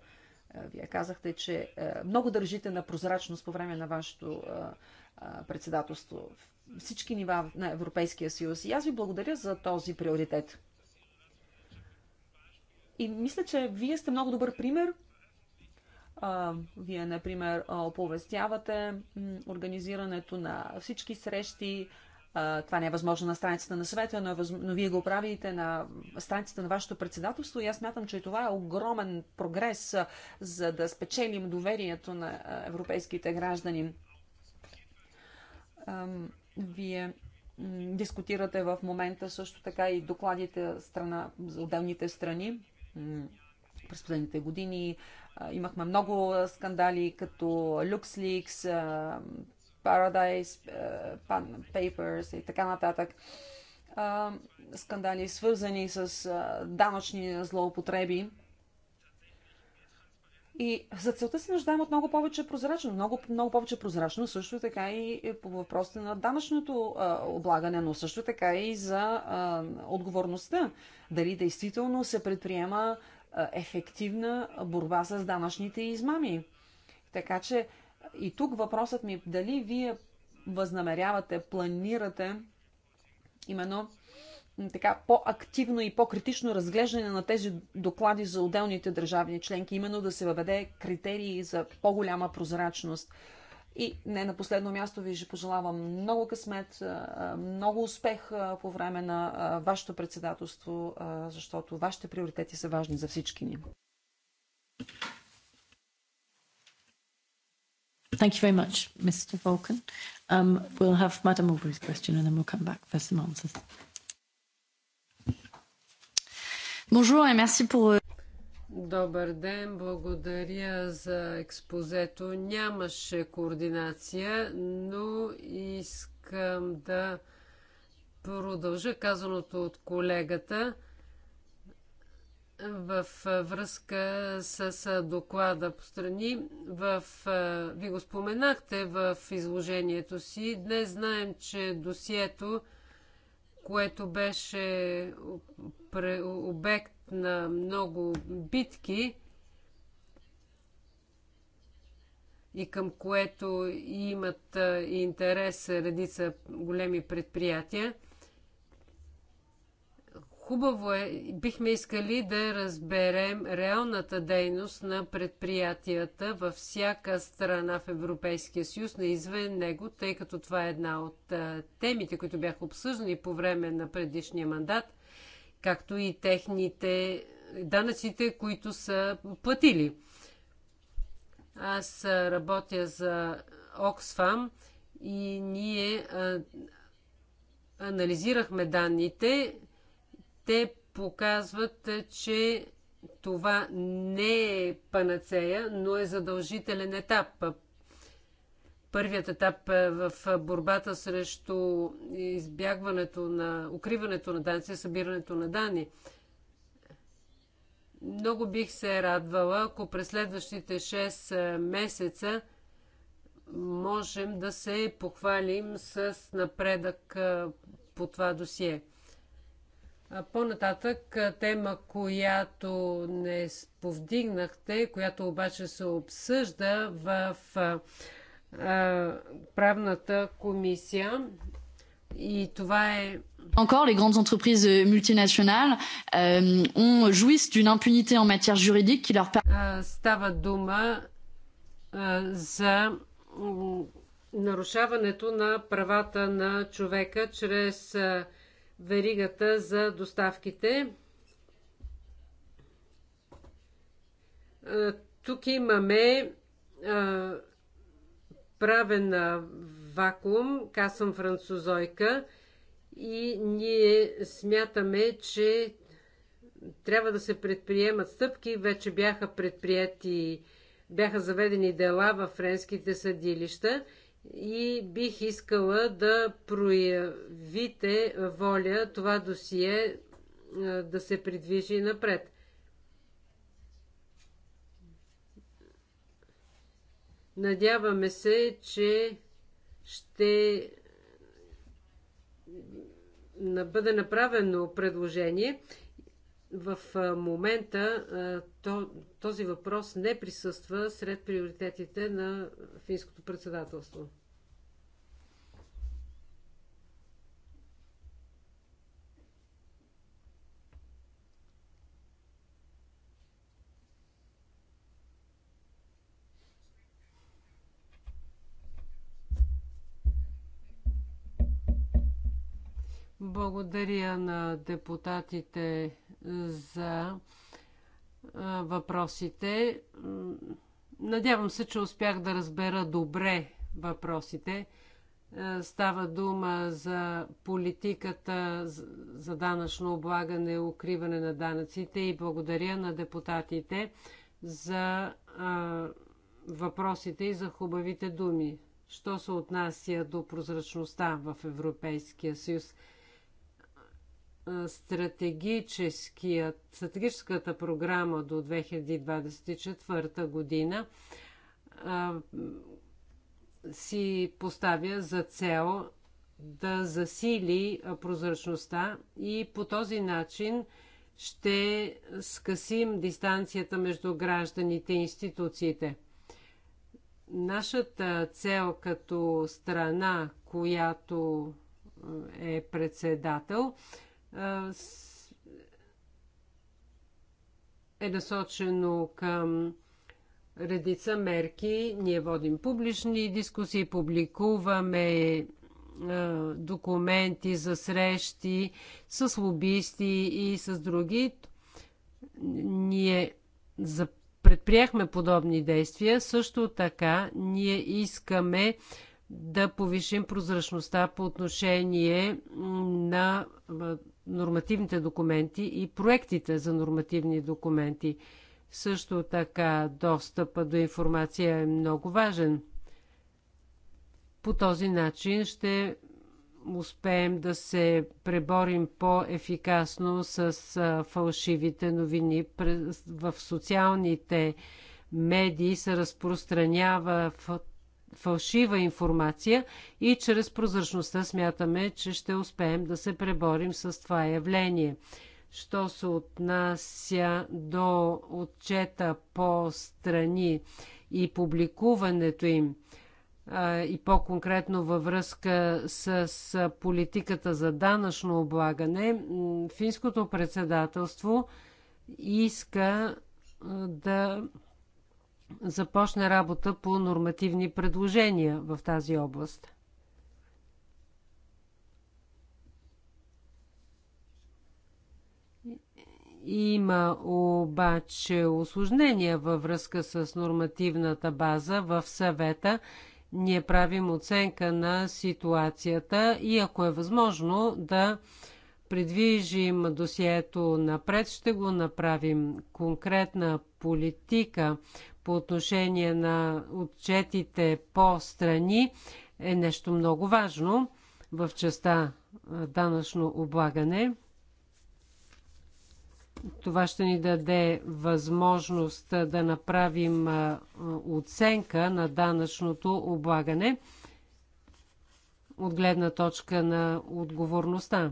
Speaker 3: а, вие казахте, че а, много държите на прозрачност по време на вашето а, а, председателство. Всички нива на Европейския съюз. И аз ви благодаря за този приоритет. И мисля, че вие сте много добър пример вие, например, оповестявате организирането на всички срещи. Това не е възможно на страницата на съвета, но, е възм... но вие го правите на страницата на вашето председателство и аз смятам, че това е огромен прогрес, за да спечелим доверието на европейските граждани. Вие дискутирате в момента също така и докладите страна, за отделните страни. През последните години имахме много скандали, като LuxLeaks, Paradise Papers и така нататък. скандали, свързани с данъчни злоупотреби. И за целта се нуждаем от много повече прозрачно. Много, много повече прозрачно също така и по въпросите на данъчното а, облагане, но също така и за а, отговорността. Дали действително се предприема ефективна борба с данъчните измами. Така че и тук въпросът ми е дали вие възнамерявате, планирате именно така по-активно и по-критично разглеждане на тези доклади за отделните държавни членки, именно да се въведе критерии за по-голяма прозрачност. И не на последно място ви же пожелавам много късмет, много успех по време на вашето председателство, защото вашите приоритети са важни за всички ни. Thank you very much, Mr. Vulcan. Um, we'll have Madam Aubrey's question and then we'll come back for some answers. Bonjour et merci pour euh,
Speaker 1: Добър ден, благодаря за експозето. Нямаше координация, но искам да продължа казаното от колегата в връзка с доклада по страни. В, ви го споменахте в изложението си. Днес знаем, че досието, което беше обект на много битки и към което имат интерес редица големи предприятия. Хубаво е, бихме искали да разберем реалната дейност на предприятията във всяка страна в Европейския съюз, не извън него, тъй като това е една от темите, които бяха обсъждани по време на предишния мандат – както и техните данъците, които са платили. Аз работя за Оксфам и ние анализирахме данните. Те показват, че това не е панацея, но е задължителен етап първият етап е, в е, борбата срещу избягването на укриването на данни, събирането на данни. Много бих се радвала, ако през следващите 6 е, месеца можем да се похвалим с напредък по това досие. По-нататък тема, която не повдигнахте, която обаче се обсъжда в правната комисия и това е
Speaker 2: Encore, les grandes entreprises multinationales
Speaker 3: euh, ont, jouissent d'une impunité en matière juridique qui leur
Speaker 1: permet. Става дума за нарушаването на правата на човека чрез веригата за доставките. Тук имаме правен вакуум. Аз французойка и ние смятаме, че трябва да се предприемат стъпки. Вече бяха предприяти, бяха заведени дела във френските съдилища и бих искала да проявите воля това досие да се придвижи напред. Надяваме се, че ще бъде направено предложение. В момента този въпрос не присъства сред приоритетите на финското председателство. Благодаря на депутатите за въпросите. Надявам се, че успях да разбера добре въпросите. Става дума за политиката за данъчно облагане, укриване на данъците и благодаря на депутатите за въпросите и за хубавите думи. Що се отнася до прозрачността в Европейския съюз? стратегическата програма до 2024 година си поставя за цел да засили прозрачността и по този начин ще скъсим дистанцията между гражданите и институциите. Нашата цел като страна, която е председател, е насочено към редица мерки. Ние водим публични дискусии, публикуваме документи за срещи с лобисти и с други. Ние предприехме подобни действия. Също така ние искаме да повишим прозрачността по отношение на нормативните документи и проектите за нормативни документи. Също така достъпа до информация е много важен. По този начин ще успеем да се преборим по-ефикасно с фалшивите новини. В социалните медии се разпространява фалшива информация и чрез прозрачността смятаме, че ще успеем да се преборим с това явление. Що се отнася до отчета по страни и публикуването им, и по-конкретно във връзка с политиката за данъчно облагане, финското председателство иска да започне работа по нормативни предложения в тази област. Има обаче осложнения във връзка с нормативната база в съвета. Ние правим оценка на ситуацията и ако е възможно да придвижим досието напред, ще го направим конкретна политика по отношение на отчетите по страни е нещо много важно в частта данъчно облагане. Това ще ни даде възможност да направим оценка на данъчното облагане от гледна точка на отговорността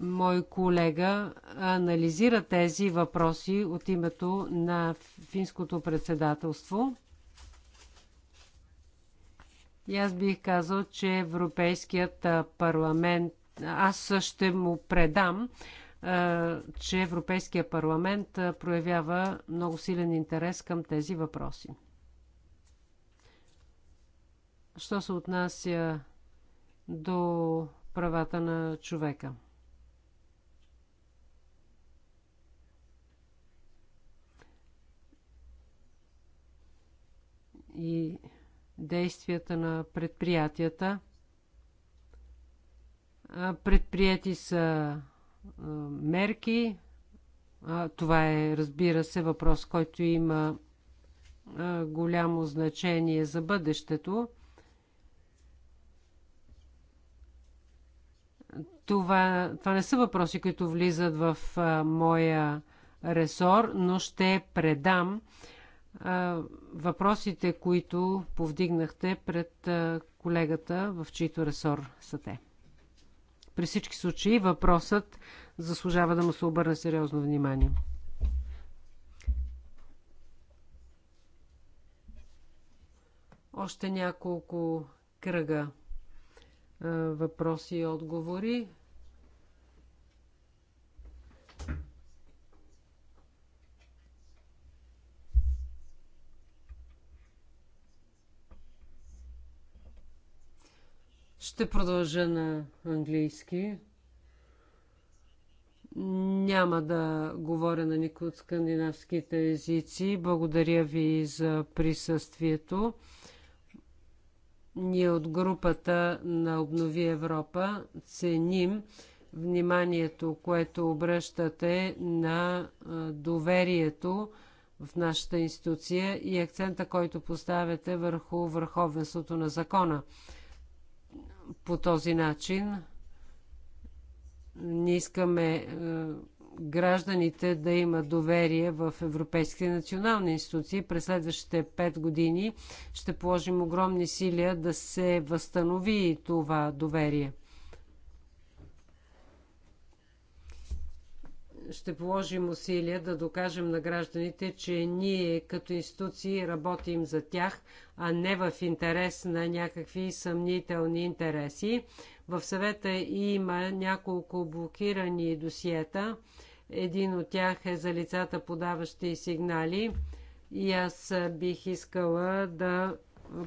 Speaker 1: мой колега анализира тези въпроси от името на финското председателство. И аз бих казал, че Европейският парламент, аз ще му предам, че Европейския парламент проявява много силен интерес към тези въпроси. Що се отнася до правата на човека? и действията на предприятията. Предприяти са мерки. Това е, разбира се, въпрос, който има голямо значение за бъдещето. Това, това не са въпроси, които влизат в моя ресор, но ще предам въпросите, които повдигнахте пред колегата, в чийто ресор са те. При всички случаи въпросът заслужава да му се обърне сериозно внимание. Още няколко кръга въпроси и отговори. Ще продължа на английски. Няма да говоря на никой от скандинавските езици. Благодаря ви за присъствието. Ние от групата на Обнови Европа ценим вниманието, което обръщате на доверието в нашата институция и акцента, който поставяте върху върховенството на закона. По този начин не искаме е, гражданите да имат доверие в европейските национални институции. През следващите 5 години ще положим огромни силия да се възстанови това доверие. ще положим усилия да докажем на гражданите, че ние като институции работим за тях, а не в интерес на някакви съмнителни интереси. В съвета има няколко блокирани досиета. Един от тях е за лицата, подаващи сигнали. И аз бих искала да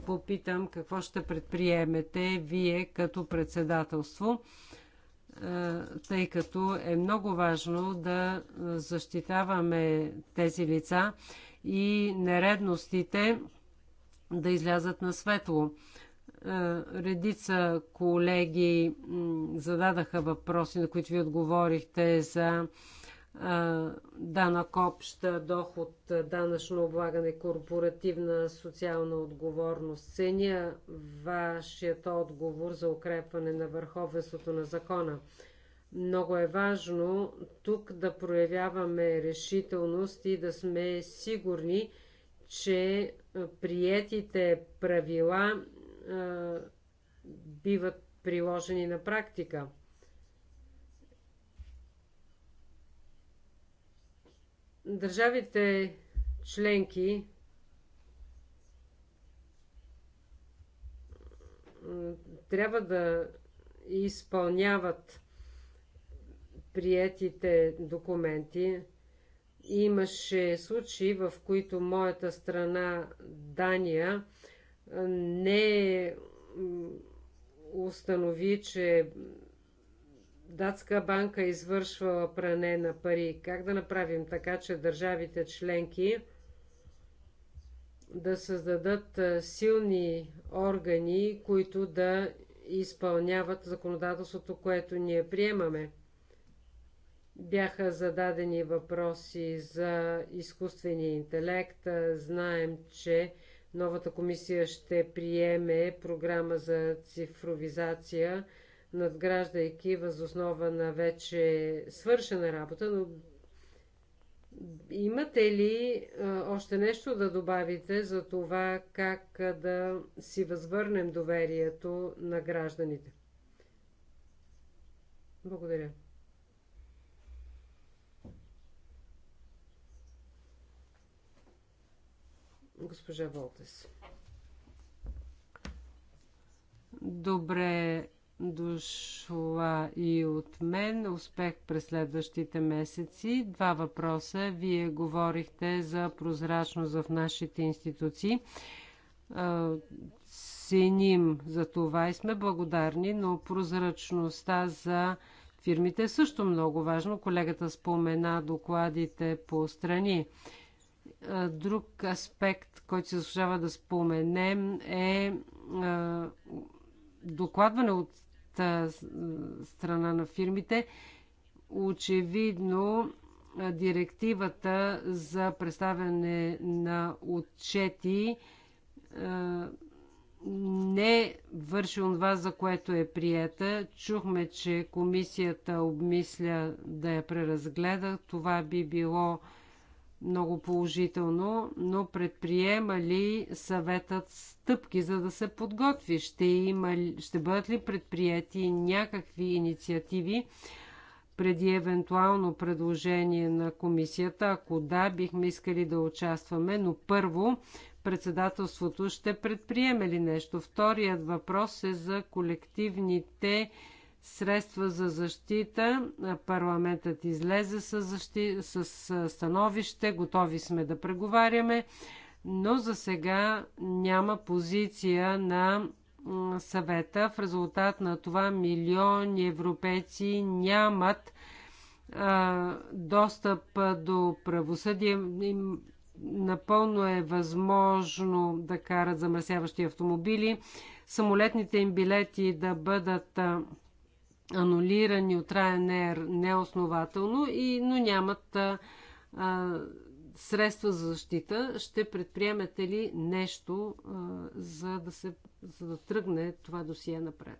Speaker 1: попитам какво ще предприемете вие като председателство. Е, тъй като е много важно да защитаваме тези лица и нередностите да излязат на светло. Е, редица колеги зададаха въпроси, на които ви отговорихте за данък общ доход, данъчно облагане, корпоративна социална отговорност. Ценя вашият отговор за укрепване на върховенството на закона. Много е важно тук да проявяваме решителност и да сме сигурни, че приетите правила а, биват приложени на практика – Държавите членки трябва да изпълняват приетите документи. Имаше случаи, в които моята страна Дания не установи, че датска банка извършвала пране на пари. Как да направим така, че държавите членки да създадат силни органи, които да изпълняват законодателството, което ние приемаме? Бяха зададени въпроси за изкуствения интелект. Знаем, че новата комисия ще приеме програма за цифровизация – надграждайки възоснова на вече свършена работа, но имате ли още нещо да добавите за това как да си възвърнем доверието на гражданите? Благодаря. Госпожа Волтес. Добре дошла и от мен. Успех през следващите месеци. Два въпроса. Вие говорихте за прозрачност в нашите институции. Ценим за това и сме благодарни, но прозрачността за фирмите е също много важно. Колегата спомена докладите по страни. Друг аспект, който се заслужава да споменем е докладване от страна на фирмите. Очевидно, директивата за представяне на отчети не върши онова, за което е приета. Чухме, че комисията обмисля да я преразгледа. Това би било много положително, но предприема ли съветът стъпки, за да се подготви? Ще, има, ще бъдат ли предприяти някакви инициативи преди евентуално предложение на комисията? Ако да, бихме искали да участваме, но първо председателството ще предприеме ли нещо? Вторият въпрос е за колективните средства за защита. Парламентът излезе с, защи... с становище, готови сме да преговаряме, но за сега няма позиция на съвета. В резултат на това милиони европейци нямат а, достъп до правосъдие. Им напълно е възможно да карат замърсяващи автомобили, самолетните им билети да бъдат анулирани от Ryanair неоснователно, и, но нямат а, а, средства за защита. Ще предприемете ли нещо, а, за, да се, за да тръгне това досие напред?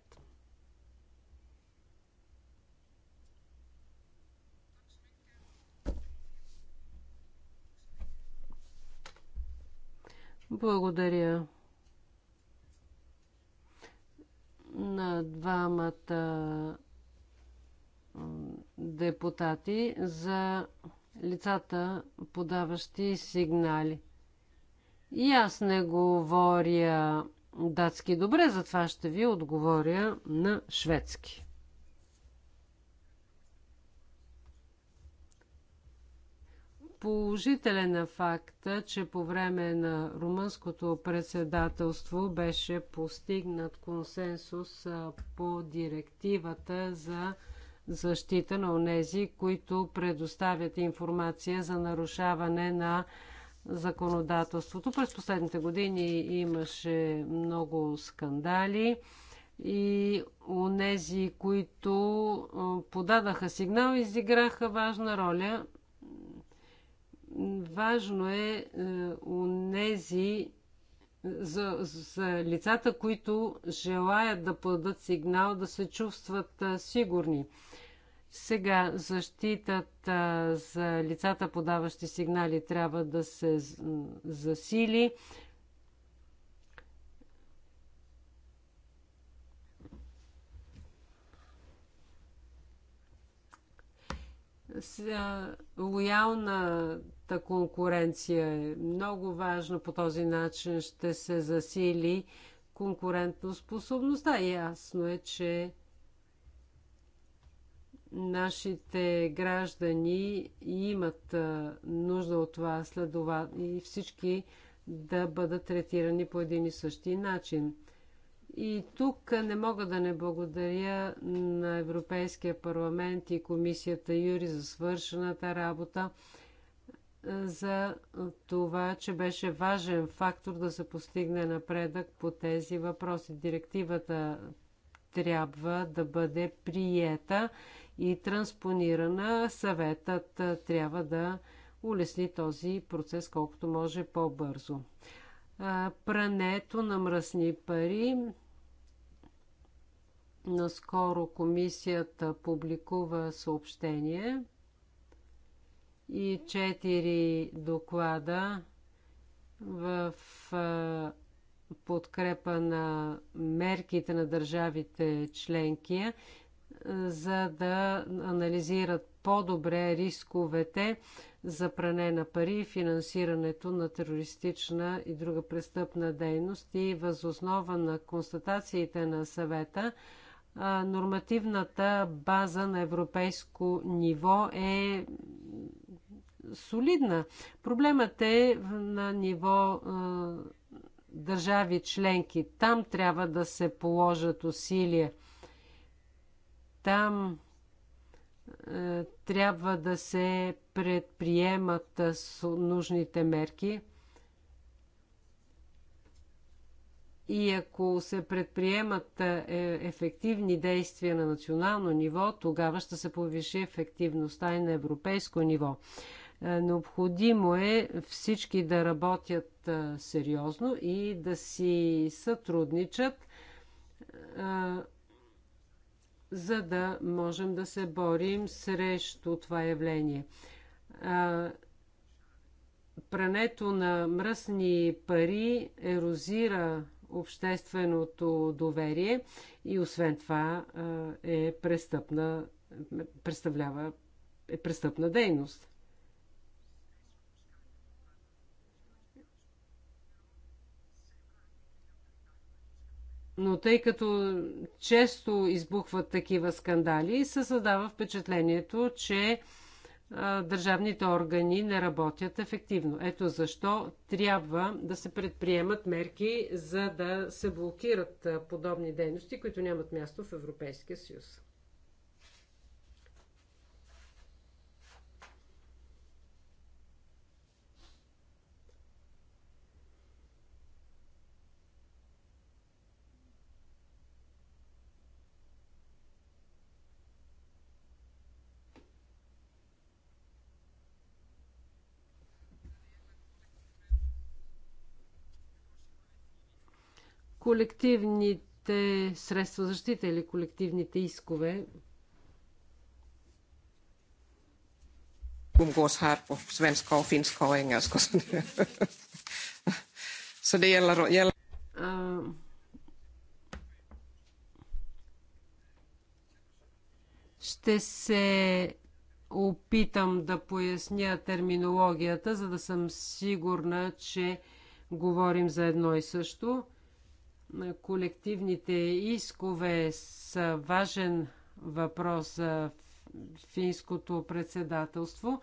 Speaker 1: Благодаря. на двамата депутати за лицата, подаващи сигнали. И аз не говоря датски добре, затова ще ви отговоря на шведски. Положителен е факта, че по време на румънското председателство беше постигнат консенсус по директивата за защита на онези, които предоставят информация за нарушаване на законодателството. През последните години имаше много скандали и онези, които подадаха сигнал, изиграха важна роля Важно е, е у нези е, за, за лицата, които желаят да подадат сигнал, да се чувстват е, сигурни. Сега защитата за лицата, подаващи сигнали, трябва да се засили. Лоялна Здравата конкуренция е много важна. По този начин ще се засили конкурентоспособността. Ясно е, че нашите граждани имат нужда от това следова и всички да бъдат третирани по един и същи начин. И тук не мога да не благодаря на Европейския парламент и комисията Юри за свършената работа за това, че беше важен фактор да се постигне напредък по тези въпроси. Директивата трябва да бъде приета и транспонирана. Съветът трябва да улесни този процес колкото може по-бързо. Прането на мръсни пари. Наскоро комисията публикува съобщение – и четири доклада в подкрепа на мерките на държавите членки, за да анализират по-добре рисковете за пране на пари и финансирането на терористична и друга престъпна дейност и възоснова на констатациите на съвета нормативната база на европейско ниво е солидна. Проблемът е на ниво държави членки. Там трябва да се положат усилия. Там трябва да се предприемат нужните мерки. И ако се предприемат е, ефективни действия на национално ниво, тогава ще се повиши ефективността и на европейско ниво. Е, необходимо е всички да работят е, сериозно и да си сътрудничат, за да можем да се борим срещу това явление прането на мръсни пари ерозира общественото доверие и освен това е престъпна, представлява е престъпна дейност. Но тъй като често избухват такива скандали, се създава впечатлението, че държавните органи не работят ефективно. Ето защо трябва да се предприемат мерки, за да се блокират подобни дейности, които нямат място в Европейския съюз. колективните средства защита или колективните искове.
Speaker 3: Umgås här på svenska och finska
Speaker 1: och engelska. Så det gäller, gäller... Ah. ще се опитам да поясня терминологията, за да съм сигурна, че говорим за едно и също. Колективните искове са важен въпрос за финското председателство,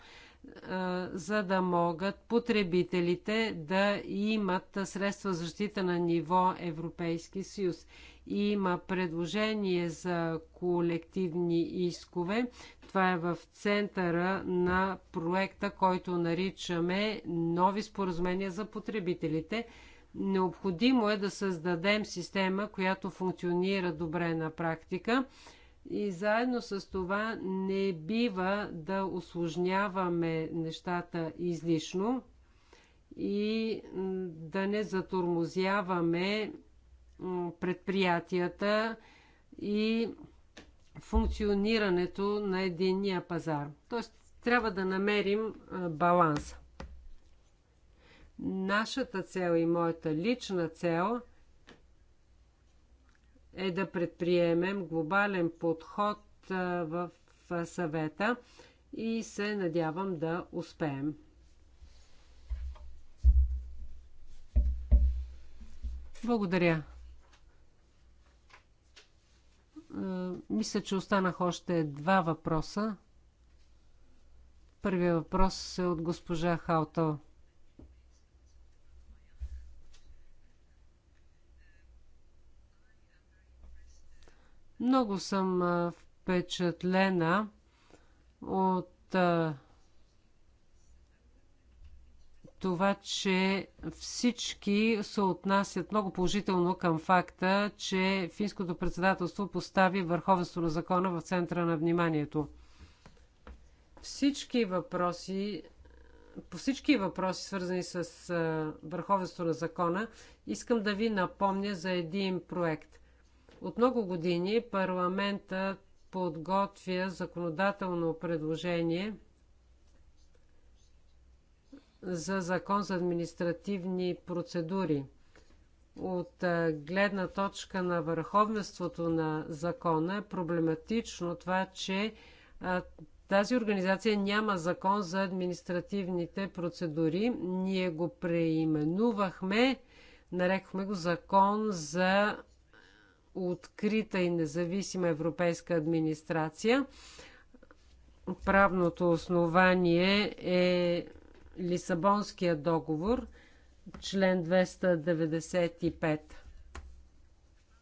Speaker 1: за да могат потребителите да имат средства за защита на ниво Европейски съюз. Има предложение за колективни искове. Това е в центъра на проекта, който наричаме Нови споразумения за потребителите. Необходимо е да създадем система, която функционира добре на практика и заедно с това не бива да осложняваме нещата излишно и да не затормозяваме предприятията и функционирането на единния пазар. Тоест, трябва да намерим баланса. Нашата цел и моята лична цел е да предприемем глобален подход в съвета и се надявам да успеем. Благодаря. Мисля, че останах още два въпроса. Първият въпрос е от госпожа Хаутал. Много съм впечатлена от това, че всички се отнасят много положително към факта, че финското председателство постави върховенство на закона в центъра на вниманието. Всички въпроси, по всички въпроси, свързани с върховенство на закона, искам да ви напомня за един проект. От много години парламента подготвя законодателно предложение за закон за административни процедури. От гледна точка на върховенството на закона е проблематично това, че тази организация няма закон за административните процедури. Ние го преименувахме, нарекохме го закон за открита и независима европейска администрация. Правното основание е Лисабонския договор, член 295.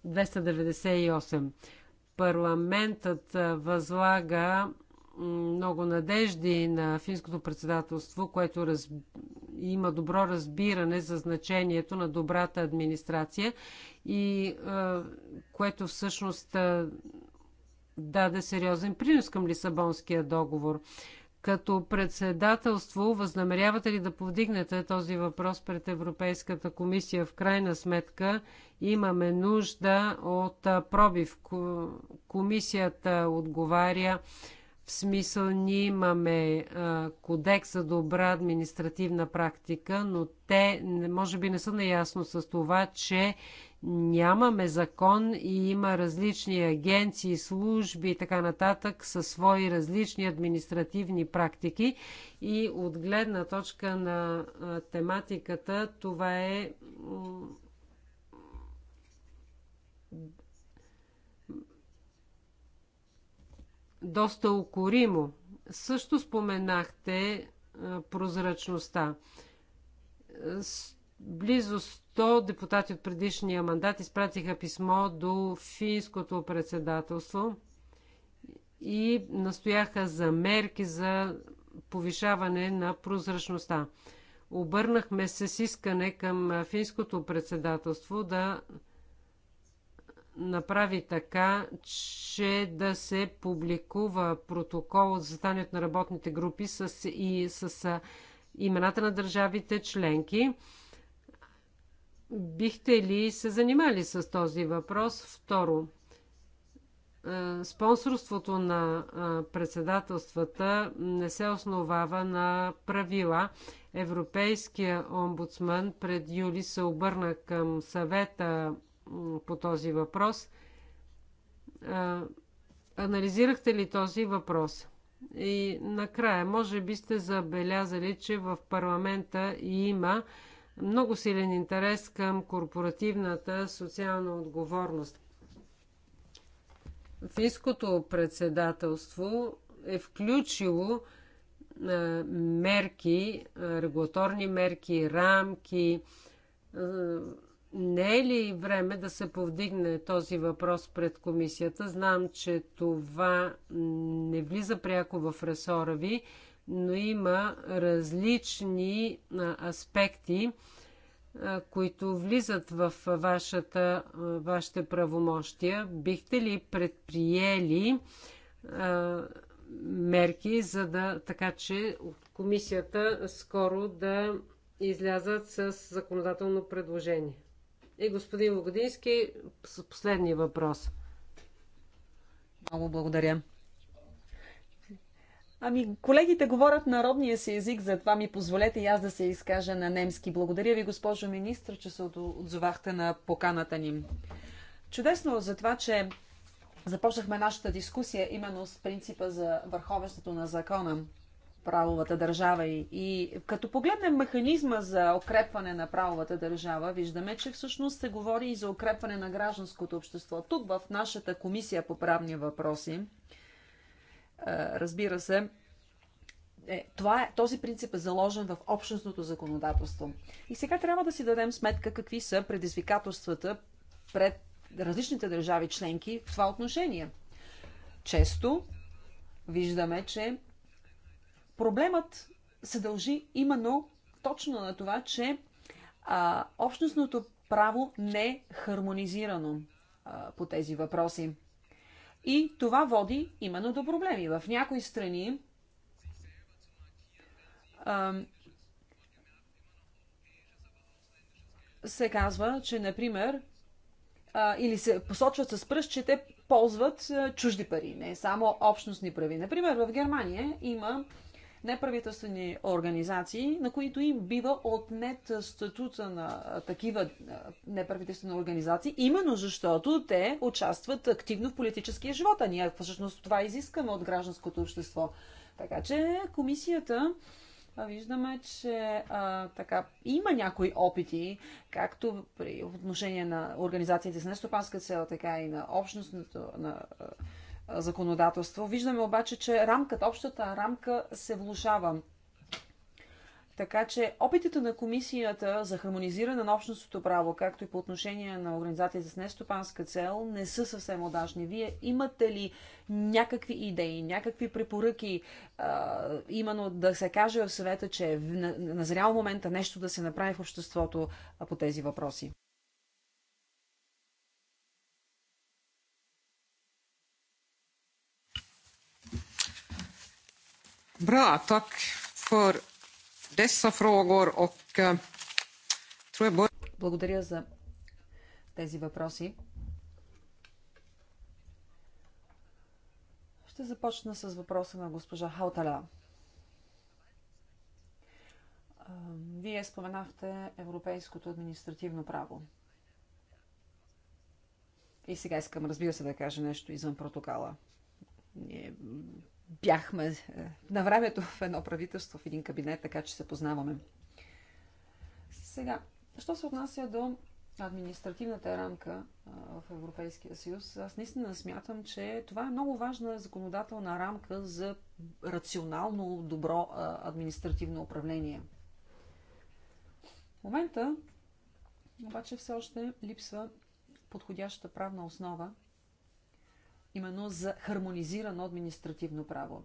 Speaker 1: 298. Парламентът възлага много надежди на финското председателство, което раз има добро разбиране за значението на добрата администрация и което всъщност даде сериозен принос към Лисабонския договор. Като председателство, възнамерявате ли да повдигнете този въпрос пред Европейската комисия? В крайна сметка имаме нужда от пробив. Комисията отговаря в смисъл ние имаме а, кодекс за добра административна практика, но те може би не са наясно с това, че нямаме закон и има различни агенции, служби и така нататък със свои различни административни практики и от гледна точка на а, тематиката това е доста укоримо. Също споменахте е, прозрачността. Е, близо 100 депутати от предишния мандат изпратиха писмо до финското председателство и настояха за мерки за повишаване на прозрачността. Обърнахме се с искане към е, финското председателство да направи така, че да се публикува протокол от застанието на работните групи с, и с имената на държавите членки. Бихте ли се занимали с този въпрос? Второ, спонсорството на председателствата не се основава на правила. Европейския омбудсман пред юли се обърна към съвета по този въпрос. Анализирахте ли този въпрос? И накрая, може би сте забелязали, че в парламента има много силен интерес към корпоративната социална отговорност. Финското председателство е включило мерки, регулаторни мерки, рамки, не е ли време да се повдигне този въпрос пред комисията? Знам, че това не влиза пряко в ресора ви, но има различни аспекти, които влизат в вашата, вашите правомощия. Бихте ли предприели мерки, за да, така че комисията скоро да излязат с законодателно предложение? И господин Логодински,
Speaker 3: последния въпрос. Много благодаря. Ами, колегите говорят народния си език, затова ми позволете и аз да се изкажа на немски. Благодаря ви, госпожо министр, че се отзовахте на поканата ни. Чудесно за това, че започнахме нашата дискусия именно с принципа за върховенството на закона правовата държава. И, и като погледнем механизма за укрепване на правовата държава, виждаме, че всъщност се говори и за укрепване на гражданското общество. Тук в нашата комисия по правни въпроси, е, разбира се, е, това е, този принцип е заложен в общностното законодателство. И сега трябва да си дадем сметка какви са предизвикателствата пред различните държави членки в това отношение. Често виждаме, че Проблемът се дължи именно точно на това, че а, общностното право не е хармонизирано а, по тези въпроси. И това води именно до проблеми. В някои страни а, се казва, че, например, а, или се посочват с пръст, че те ползват а, чужди пари, не само общностни прави. Например, в Германия има неправителствени организации, на които им бива отнет статута на такива неправителствени организации, именно защото те участват активно в политическия живот, а ние всъщност това изискаме от гражданското общество. Така че комисията виждаме, че а, така, има някои опити, както при отношение на организациите с нестопанска цел, така и на общностното, на, на законодателство. Виждаме обаче, че рамката, общата рамка се влушава. Така че опитите на комисията за хармонизиране на общностното право, както и по отношение на организации с нестопанска цел, не са съвсем удачни. Вие имате ли някакви идеи, някакви препоръки, а, именно да се каже в съвета, че е назрял момента нещо да се направи в обществото по тези въпроси? Bra, tack för dessa frågor och eh, tror jag bör... Благодаря за тези въпроси. Ще започна с въпроса на госпожа Хаутала. Е, вие споменахте европейското административно право. И сега искам, разбира се, да кажа нещо извън протокола. Ние бяхме е, на времето в едно правителство, в един кабинет, така че се познаваме. Сега, що се отнася до административната рамка е, в Европейския съюз, аз наистина смятам, че това е много важна законодателна рамка за рационално добро е, административно управление. В момента обаче все още липсва подходяща правна основа именно за хармонизирано административно право.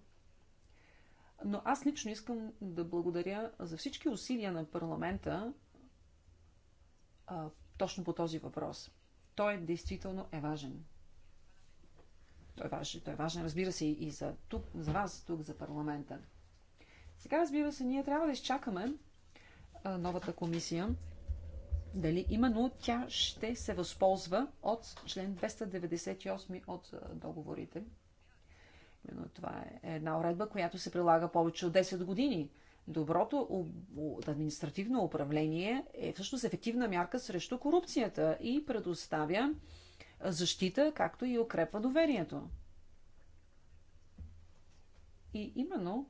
Speaker 3: Но аз лично искам да благодаря за всички усилия на парламента а, точно по този въпрос. Той действително е важен. Той е важен, той е важен разбира се, и за тук, за вас, тук, за парламента. Сега, разбира се, ние трябва да изчакаме а, новата комисия дали именно тя ще се възползва от член 298 от договорите. Именно това е една уредба, която се прилага повече от 10 години. Доброто административно управление е всъщност ефективна мярка срещу корупцията и предоставя защита, както и укрепва доверието. И именно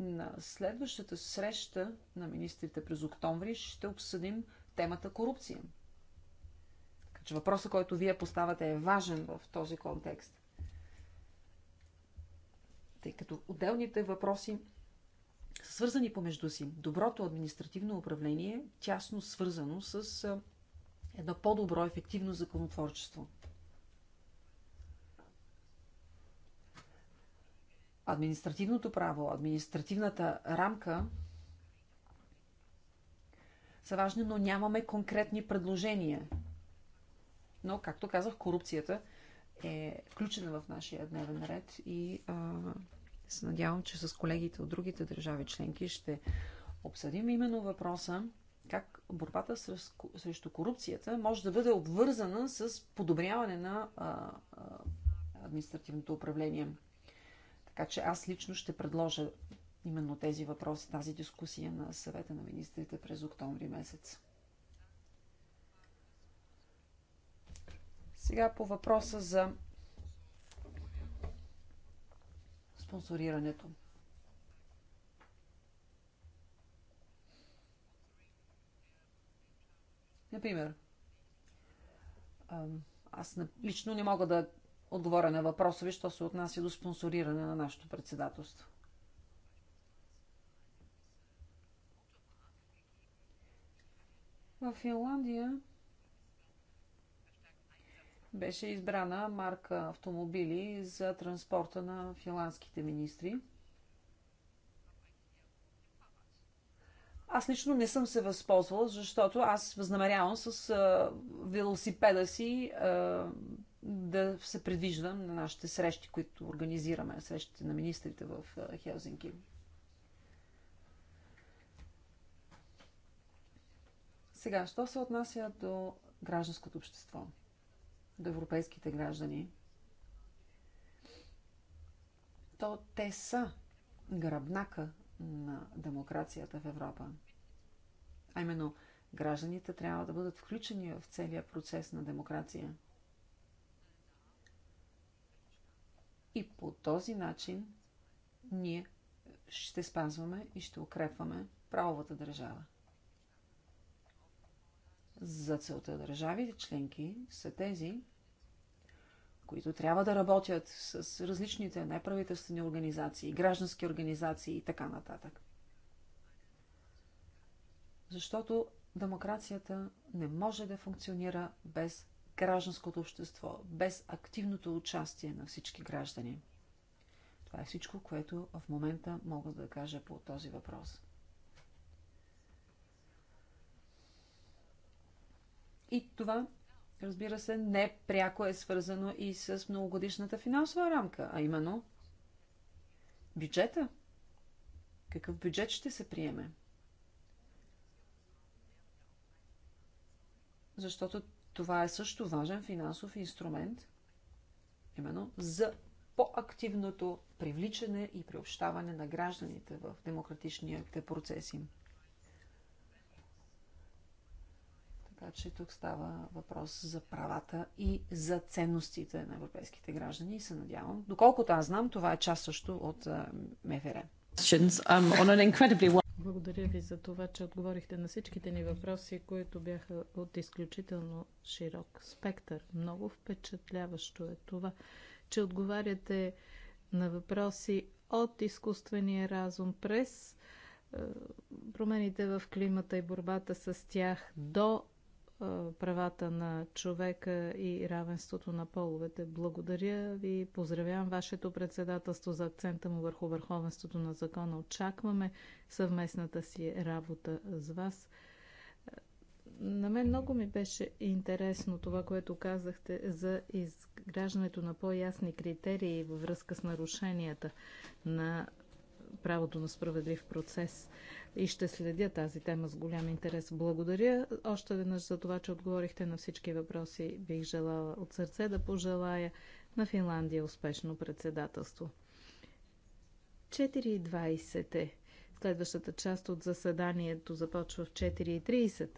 Speaker 3: на следващата среща на министрите през октомври ще обсъдим темата корупция. Така че въпросът, който вие поставяте е важен в този контекст. Тъй като отделните въпроси са свързани помежду си. Доброто административно управление е тясно свързано с едно по-добро ефективно законотворчество – административното право, административната рамка са важни, но нямаме конкретни предложения. Но, както казах, корупцията е включена в нашия дневен ред и а, се надявам, че с колегите от другите държави членки ще обсъдим именно въпроса как борбата срещу корупцията може да бъде обвързана с подобряване на а, а, административното управление. Така че аз лично ще предложа именно тези въпроси, тази дискусия на съвета на министрите през октомври месец. Сега по въпроса за спонсорирането. Например, аз лично не мога да отговоря на въпроса ви, що се отнася до спонсориране на нашето председателство. В Финландия беше избрана марка автомобили за транспорта на финландските министри. Аз лично не съм се възползвала, защото аз възнамерявам с велосипеда си да се предвиждам на нашите срещи, които организираме, срещите на министрите в е, Хелзинки. Сега, що се отнася до гражданското общество, до европейските граждани, то те са гръбнака на демокрацията в Европа. А именно, гражданите трябва да бъдат включени в целия процес на демокрация – И по този начин ние ще спазваме и ще укрепваме правовата държава. За целта държавите членки са тези, които трябва да работят с различните неправителствени организации, граждански организации и така нататък. Защото демокрацията не може да функционира без гражданското общество, без активното участие на всички граждани. Това е всичко, което в момента мога да кажа по този въпрос. И това, разбира се, не пряко е свързано и с многогодишната финансова рамка, а именно бюджета. Какъв бюджет ще се приеме? Защото това е също важен финансов инструмент, именно за по-активното привличане и приобщаване на гражданите в демократичните процеси. Така че тук става въпрос за правата и за ценностите на европейските граждани и се надявам. Доколкото аз знам, това
Speaker 2: е част също от МФР. Благодаря ви за това, че отговорихте на всичките ни въпроси, които бяха от изключително широк спектър. Много впечатляващо е това, че отговаряте на въпроси от изкуствения разум през е, промените в климата и борбата с тях до правата на човека и равенството на половете. Благодаря ви, поздравявам вашето председателство за акцента му върху върховенството на закона. Очакваме съвместната си работа с вас. На мен много ми беше интересно това, което казахте за изграждането на по-ясни критерии във връзка с нарушенията на правото на справедлив процес. И ще следя тази тема с голям интерес. Благодаря още веднъж за това, че отговорихте на всички въпроси. Бих желала от сърце да пожелая на Финландия успешно председателство. 4.20 е. Следващата част от заседанието започва в 4.30.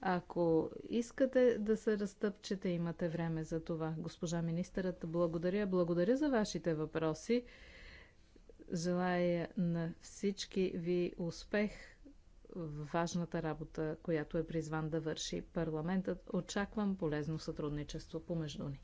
Speaker 2: Ако искате да се разтъпчете, имате време за това. Госпожа министърът, благодаря. Благодаря за вашите въпроси. Желая на всички ви успех в важната работа, която е призван да върши парламентът. Очаквам полезно сътрудничество помежду ни.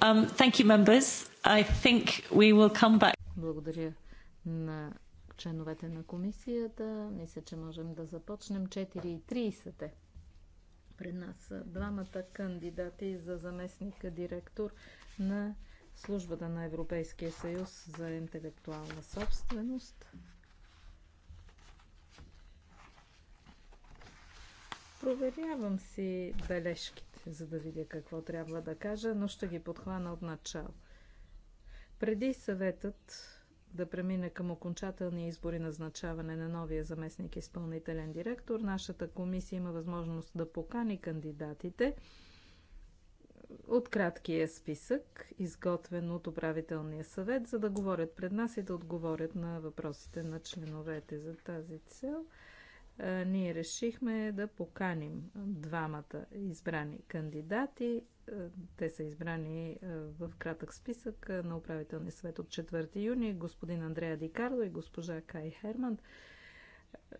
Speaker 2: Um, thank you, members. I think we will come back. Благодаря на членовете на комисията. Мисля, че можем да започнем 4.30 е. Пред нас са двамата кандидати за заместника директор на Службата на Европейския съюз за интелектуална собственост. Проверявам си бележките за да видя какво трябва да кажа, но ще ги подхвана от начало. Преди съветът да премине към окончателния избор и назначаване на новия заместник изпълнителен директор, нашата комисия има възможност да покани кандидатите от краткия списък, изготвен от управителния съвет, за да говорят пред нас и да отговорят на въпросите на членовете за тази цел. Е, ние решихме да поканим двамата избрани кандидати. Е, те са избрани е, в кратък списък на управителния съвет от 4 юни, господин Андрея Дикардо и госпожа Кай Херман.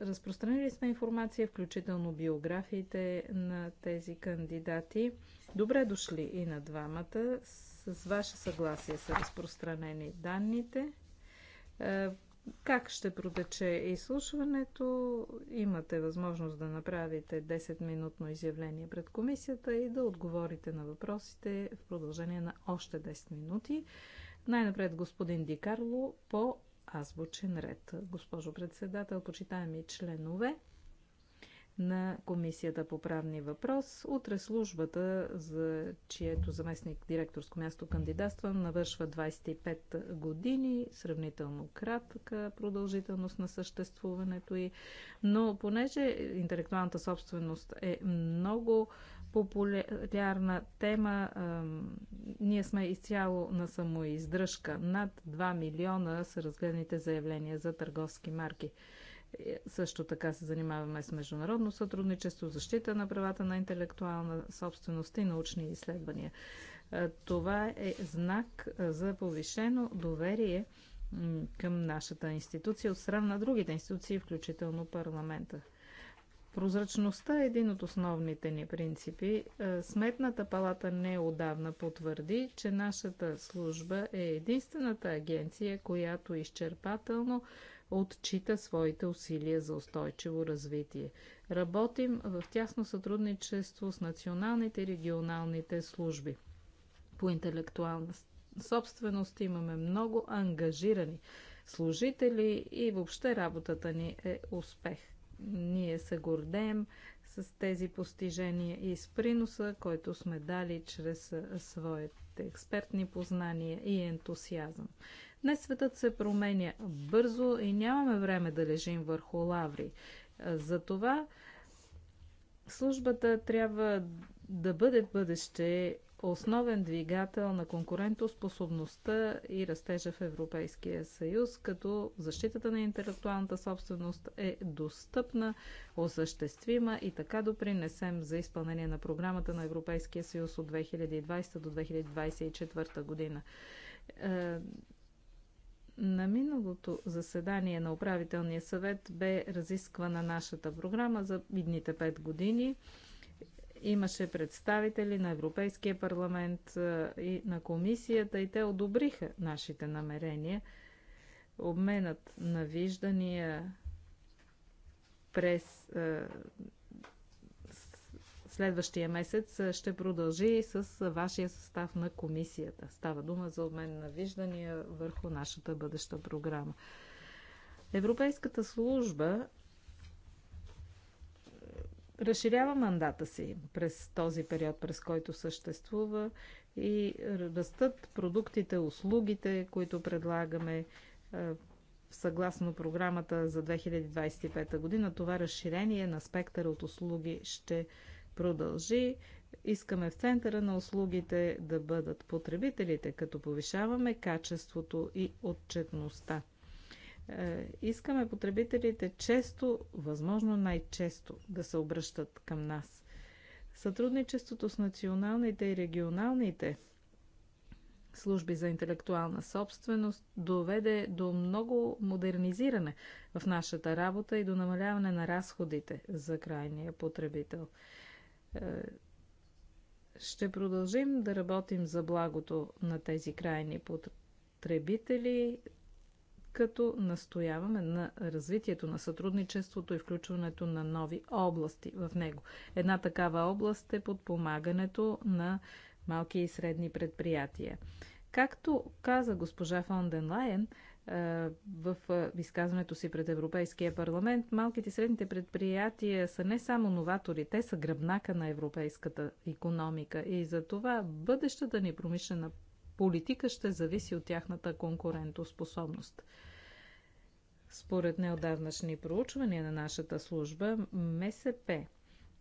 Speaker 2: Разпространили сме информация, включително биографиите на тези кандидати. Добре дошли и на двамата. С ваше съгласие са разпространени данните. Как ще протече изслушването? Имате възможност да направите 10-минутно изявление пред комисията и да отговорите на въпросите в продължение на още 10 минути. Най-напред господин Дикарло по азбучен ред. Госпожо председател, почитаеми членове, на Комисията по правни въпрос. Утре службата, за чието заместник директорско място кандидатства, навършва 25 години, сравнително кратка продължителност на съществуването и, Но понеже интелектуалната собственост е много популярна тема, ние сме изцяло на самоиздръжка. Над 2 милиона са разгледаните заявления за търговски марки. Също така се занимаваме с международно сътрудничество, защита на правата на интелектуална собственост и научни изследвания. Това е знак за повишено доверие към нашата институция от страна на другите институции, включително парламента. Прозрачността е един от основните ни принципи. Сметната палата не отдавна потвърди, че нашата служба е единствената агенция, която изчерпателно отчита своите усилия за устойчиво развитие. Работим в тясно сътрудничество с националните и регионалните служби по интелектуална собственост. Имаме много ангажирани служители и въобще работата ни е успех. Ние се гордеем с тези постижения и с приноса, който сме дали чрез своите експертни познания и ентусиазъм. Днес светът се променя бързо и нямаме време да лежим върху лаври. Затова службата трябва да бъде в бъдеще основен двигател на конкурентоспособността и растежа в Европейския съюз, като защитата на интелектуалната собственост е достъпна, осъществима и така допринесем за изпълнение на програмата на Европейския съюз от 2020 до 2024 година. Е, на миналото заседание на управителния съвет бе разисквана нашата програма за идните 5 години. Имаше представители на Европейския парламент и на комисията и те одобриха нашите намерения. Обменът на виждания през следващия месец ще продължи с вашия състав на комисията. Става дума за обмен на виждания върху нашата бъдеща програма. Европейската служба разширява мандата си през този период, през който съществува и растат продуктите, услугите, които предлагаме съгласно програмата за 2025 година. Това разширение на спектъра от услуги ще продължи. Искаме в центъра на услугите да бъдат потребителите, като повишаваме качеството и отчетността. Е, искаме потребителите често, възможно най-често, да се обръщат към нас. Сътрудничеството с националните и регионалните служби за интелектуална собственост доведе до много модернизиране в нашата работа и до намаляване на разходите за крайния потребител. Е, ще продължим да работим за благото на тези крайни потребители, като настояваме на развитието на сътрудничеството и включването на нови области в него. Една такава област е подпомагането на малки и средни предприятия. Както каза госпожа Фон Ден Лайен, в изказването си пред Европейския парламент. Малките и средните предприятия са не само новатори, те са гръбнака на европейската економика и за това бъдещата ни промишлена политика ще зависи от тяхната конкурентоспособност. Според неодавнашни проучвания на нашата служба, МСП –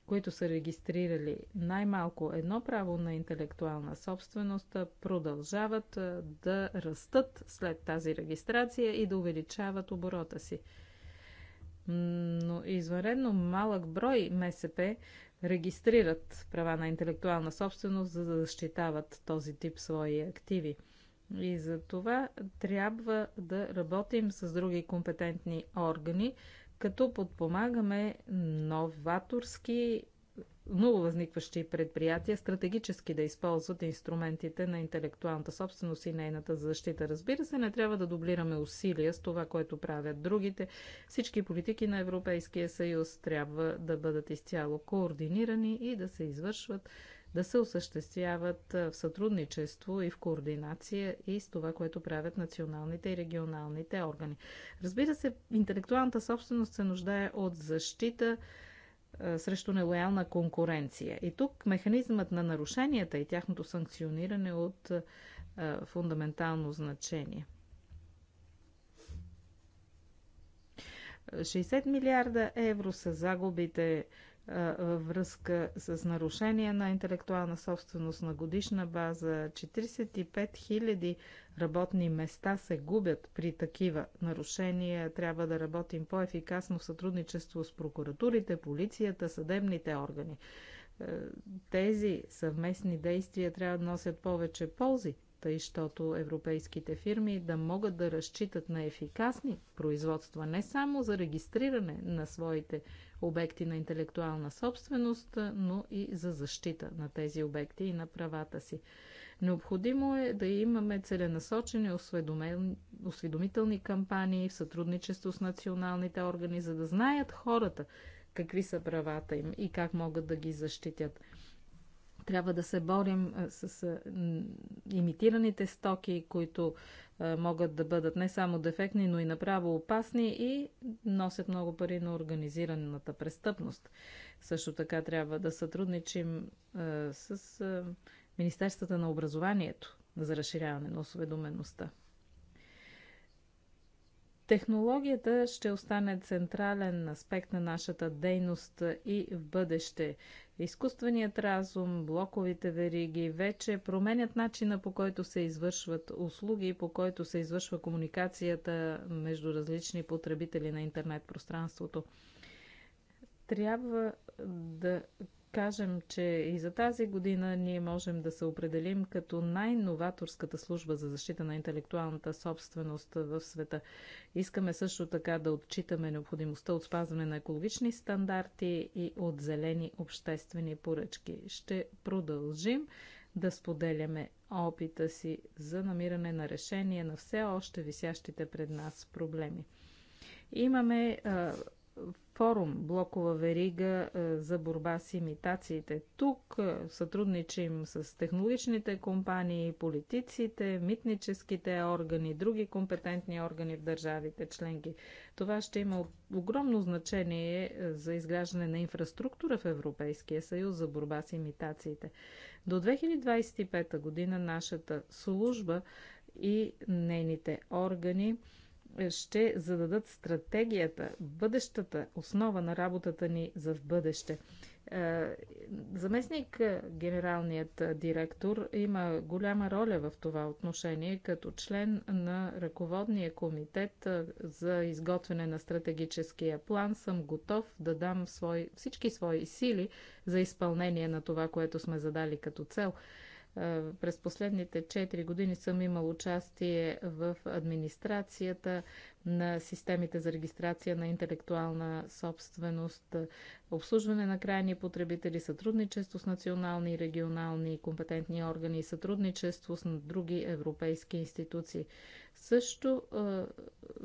Speaker 2: които са регистрирали най-малко едно право на интелектуална собственост, продължават да растат след тази регистрация и да увеличават оборота си. Но извънредно малък брой МСП регистрират права на интелектуална собственост, за да защитават този тип свои активи. И за това трябва да работим с други компетентни органи, като подпомагаме новаторски нововъзникващи предприятия стратегически да използват инструментите на интелектуалната собственост и нейната защита. Разбира се, не трябва да дублираме усилия с това, което правят другите. Всички политики на Европейския съюз трябва да бъдат изцяло координирани и да се извършват да се осъществяват в сътрудничество и в координация и с това, което правят националните и регионалните органи. Разбира се, интелектуалната собственост се нуждае от защита срещу нелоялна конкуренция. И тук механизмът на нарушенията и тяхното санкциониране е от фундаментално значение. 60 милиарда евро са загубите във връзка с нарушения на интелектуална собственост на годишна база. 45 000 работни места се губят при такива нарушения. Трябва да работим по-ефикасно в сътрудничество с прокуратурите, полицията, съдебните органи. Е, тези съвместни действия трябва да носят повече ползи тъй щото европейските фирми да могат да разчитат на ефикасни производства не само за регистриране на своите обекти на интелектуална собственост, но и за защита на тези обекти и на правата си. Необходимо е да имаме целенасочени осведомителни кампании в сътрудничество с националните органи, за да знаят хората какви са правата им и как могат да ги защитят. Трябва да се борим с имитираните стоки, които могат да бъдат не само дефектни, но и направо опасни и носят много пари на организираната престъпност. Също така трябва да сътрудничим с Министерствата на образованието за разширяване на осведомеността. Технологията ще остане централен аспект на нашата дейност и в бъдеще. Изкуственият разум, блоковите вериги вече променят начина по който се извършват услуги, по който се извършва комуникацията между различни потребители на интернет пространството. Трябва да кажем, че и за тази година ние можем да се определим като най-новаторската служба за защита на интелектуалната собственост в света. Искаме също така да отчитаме необходимостта от спазване на екологични стандарти и от зелени обществени поръчки. Ще продължим да споделяме опита си за намиране на решение на все още висящите пред нас проблеми. Имаме а, форум Блокова верига е, за борба с имитациите. Тук е, сътрудничим с технологичните компании, политиците, митническите органи, други компетентни органи в държавите членки. Това ще има огромно значение е, за изграждане на инфраструктура в Европейския съюз за борба с имитациите. До 2025 година нашата служба и нейните органи ще зададат стратегията, бъдещата основа на работата ни за в бъдеще. Е, заместник е, генералният е, директор има голяма роля в това отношение като член на ръководния комитет за изготвяне на стратегическия план. Съм готов да дам свой, всички свои сили за изпълнение на това, което сме задали като цел. Е, през последните 4 години съм имал участие в администрацията на системите за регистрация на интелектуална собственост, обслужване на крайни потребители, сътрудничество с национални и регионални компетентни органи и сътрудничество с други европейски институции. Също е,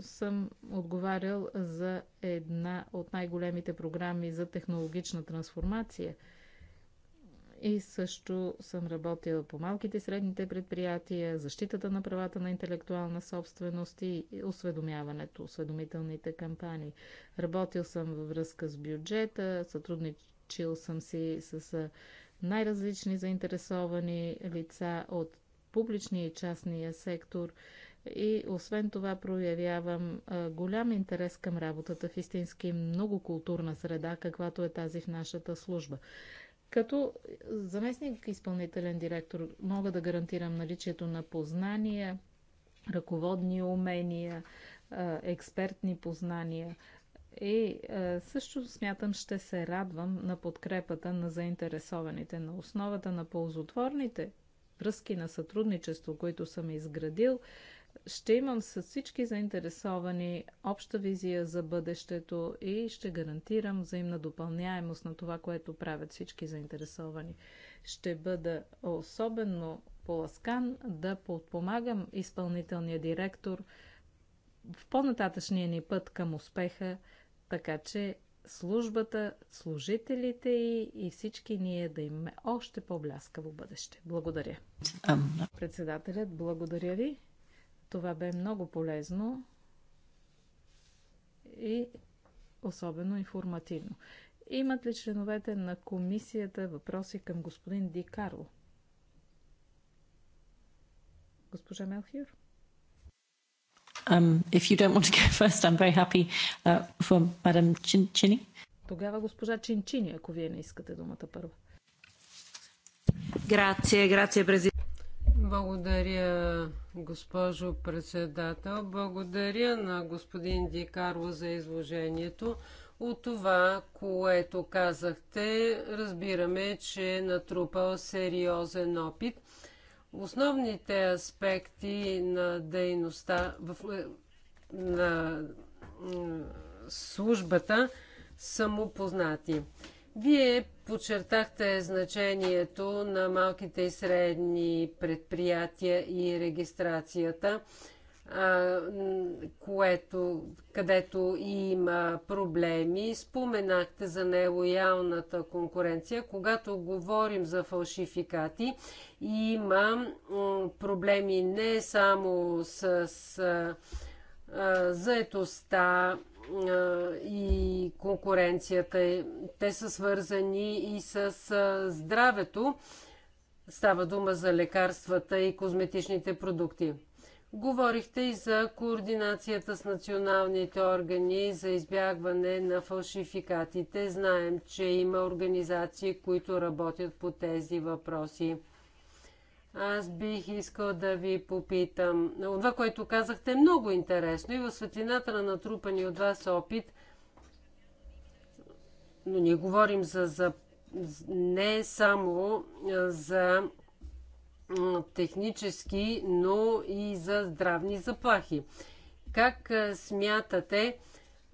Speaker 2: съм отговарял за една от най-големите програми за технологична трансформация – и също съм работила по малките и средните предприятия, защитата на правата на интелектуална собственост и осведомяването, осведомителните кампании. Работил съм във връзка с бюджета, сътрудничил съм си с най-различни заинтересовани лица от публичния и частния сектор и освен това проявявам голям интерес към работата в истински многокултурна среда, каквато е тази в нашата служба. Като заместник изпълнителен директор мога да гарантирам наличието на познания, ръководни умения, експертни познания. И също смятам, ще се радвам на подкрепата на заинтересованите на основата на ползотворните връзки на сътрудничество, които съм изградил ще имам с всички заинтересовани обща визия за бъдещето и ще гарантирам взаимна допълняемост на това, което правят всички заинтересовани. Ще бъда особено поласкан да подпомагам изпълнителния директор в по-нататъчния ни път към успеха, така че службата, служителите и, и всички ние да имаме още по-бляскаво бъдеще. Благодаря. Председателят, благодаря ви. Това бе много полезно и особено информативно. Имат ли членовете на комисията въпроси към господин Ди Карло? Госпожа Мелхиор?
Speaker 1: Um, if you don't want to go first, I'm very happy uh, for Madam Chin
Speaker 2: Chini. Тогава госпожа Чинчини, ако вие не искате думата първа.
Speaker 1: Грация, грация, президент.
Speaker 2: Благодаря, госпожо
Speaker 1: председател. Благодаря на господин Дикарло за изложението. От това, което казахте, разбираме, че е натрупал сериозен опит. Основните аспекти на дейността в, е, на службата са му познати. Вие подчертахте значението на малките и средни предприятия и регистрацията, което, където има проблеми. Споменахте за нелоялната конкуренция. Когато говорим за фалшификати, има проблеми не само с заетостта и конкуренцията. Те са свързани и с здравето. Става дума за лекарствата и козметичните продукти. Говорихте и за координацията с националните органи за избягване на фалшификатите. Знаем, че има организации, които работят по тези въпроси. Аз бих искал да ви попитам. Това, което казахте, е много интересно и в светлината на натрупани от вас опит. Но ние говорим за, за не само за технически, но и за здравни заплахи. Как смятате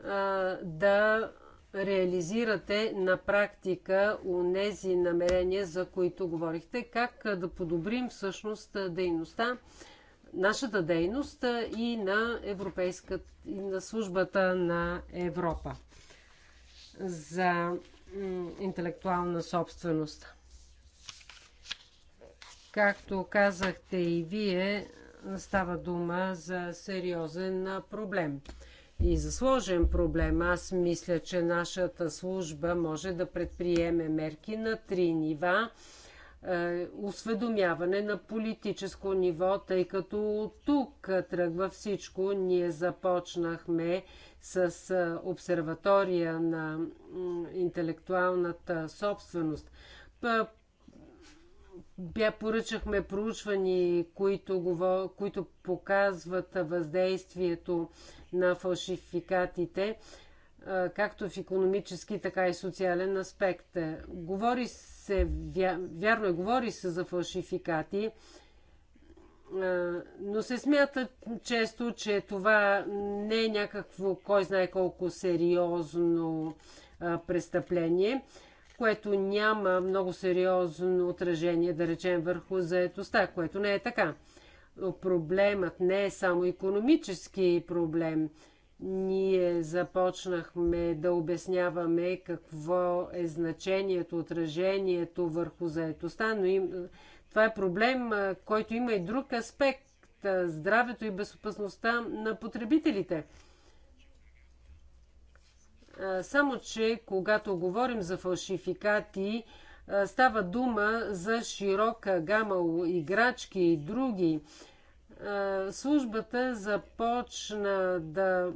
Speaker 1: а, да реализирате на практика у нези намерения, за които говорихте, как да подобрим всъщност дейността, нашата дейност и на Европейската и на службата на Европа за интелектуална собственост. Както казахте и вие, става дума за сериозен проблем и за сложен проблем. Аз мисля, че нашата служба може да предприеме мерки на три нива. Е, осведомяване на политическо ниво, тъй като тук е, тръгва всичко. Ние започнахме с е, обсерватория на интелектуалната собственост бя, поръчахме проучвани, които, които показват въздействието на фалшификатите, както в економически, така и социален аспект. Говори се, вя, вярно е, говори се за фалшификати, но се смята често, че това не е някакво, кой знае колко сериозно престъпление което няма много сериозно отражение, да речем, върху заетостта, което не е така. Но проблемът не е само економически проблем. Ние започнахме да обясняваме какво е значението, отражението върху заетостта, но им, това е проблем, който има и друг аспект здравето и безопасността на потребителите. Само, че когато говорим за фалшификати, става дума за широка гама играчки и други. Службата започна да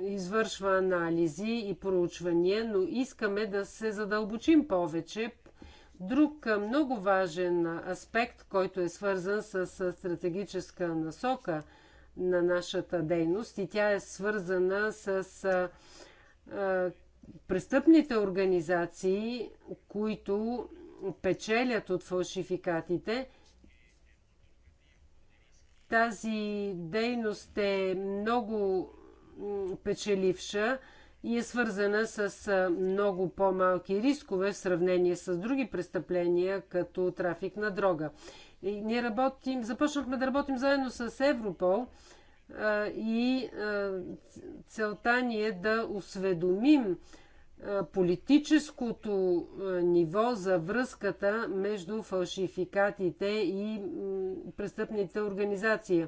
Speaker 1: извършва анализи и проучвания, но искаме да се задълбочим повече. Друг много важен аспект, който е свързан с стратегическа насока – на нашата дейност и тя е свързана с престъпните организации, които печелят от фалшификатите. Тази дейност е много печеливша и е свързана с много по-малки рискове в сравнение с други престъпления, като трафик на дрога. И ние работим, започнахме да работим заедно с Европол и целта ни е да осведомим политическото ниво за връзката между фалшификатите и престъпните организации.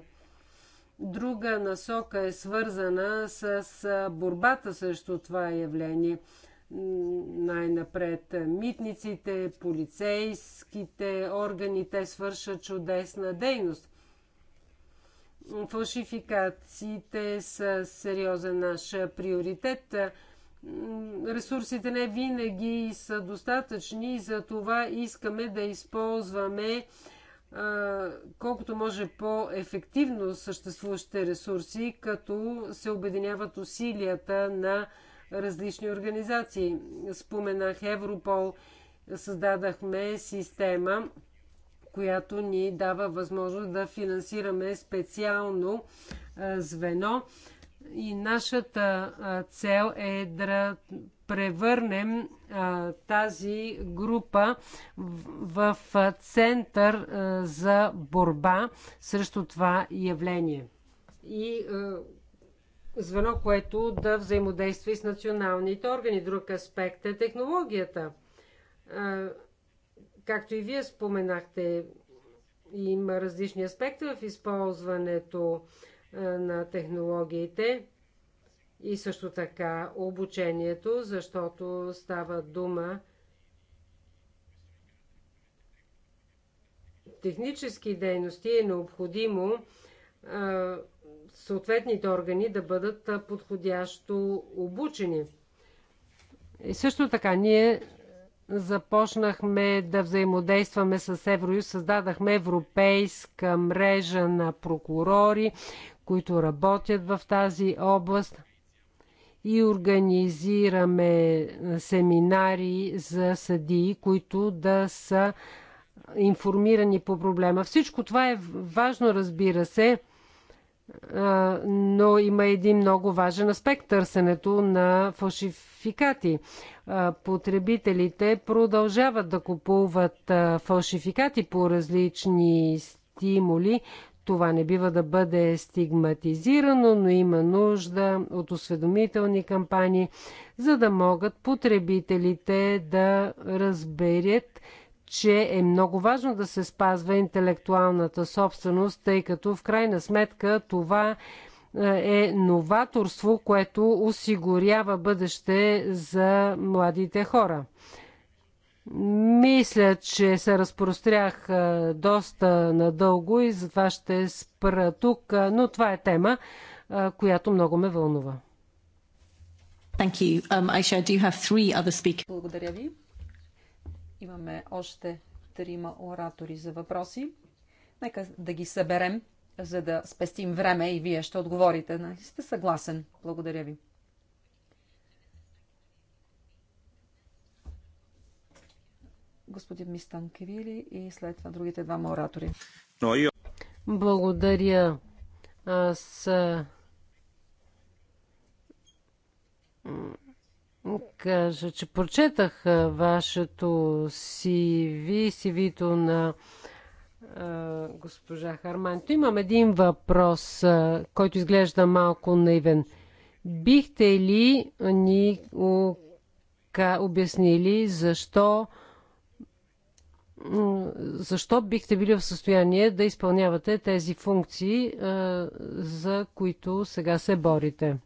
Speaker 1: Друга насока е свързана с борбата срещу това явление най-напред митниците, полицейските органи, те свършат чудесна дейност. Фалшификациите са сериозен наш приоритет. Ресурсите не винаги са достатъчни, за това искаме да използваме колкото може по-ефективно съществуващите ресурси, като се обединяват усилията на различни организации. Споменах Европол, създадахме система, която ни дава възможност да финансираме специално звено. И нашата цел е да превърнем тази група в, център за борба срещу това явление. И звено, което да взаимодейства и с националните органи. Друг аспект е технологията. Както и вие споменахте, има различни аспекти в използването на технологиите и също така обучението, защото става дума технически дейности е необходимо съответните органи да бъдат подходящо обучени. И също така ние започнахме да взаимодействаме с Евроюз, създадахме европейска мрежа на прокурори, които работят в тази област и организираме семинари за съдии, които да са информирани по проблема. Всичко това е важно, разбира се, но има един много важен аспект търсенето на фалшификати. Потребителите продължават да купуват фалшификати по различни стимули. Това не бива да бъде стигматизирано, но има нужда от осведомителни кампании, за да могат потребителите да разберят че е много важно да се спазва интелектуалната собственост, тъй като в крайна сметка това е, е новаторство, което осигурява бъдеще за младите хора. Мисля, че се разпрострях е, доста надълго и затова ще спра тук, е, но това е тема, която много ме вълнува. Um,
Speaker 3: Благодаря ви. Имаме още трима оратори за въпроси. Нека да ги съберем, за да спестим време и вие ще отговорите. Нали сте съгласен. Благодаря ви. Господин Мистан Кивили и след това другите двама оратори. Благодаря.
Speaker 1: Аз кажа, че прочетах вашето CV, CV-то на госпожа Харманто. Имам един въпрос, който изглежда малко наивен. Бихте ли ни обяснили защо защо бихте били в състояние да изпълнявате тези функции, за които сега се борите?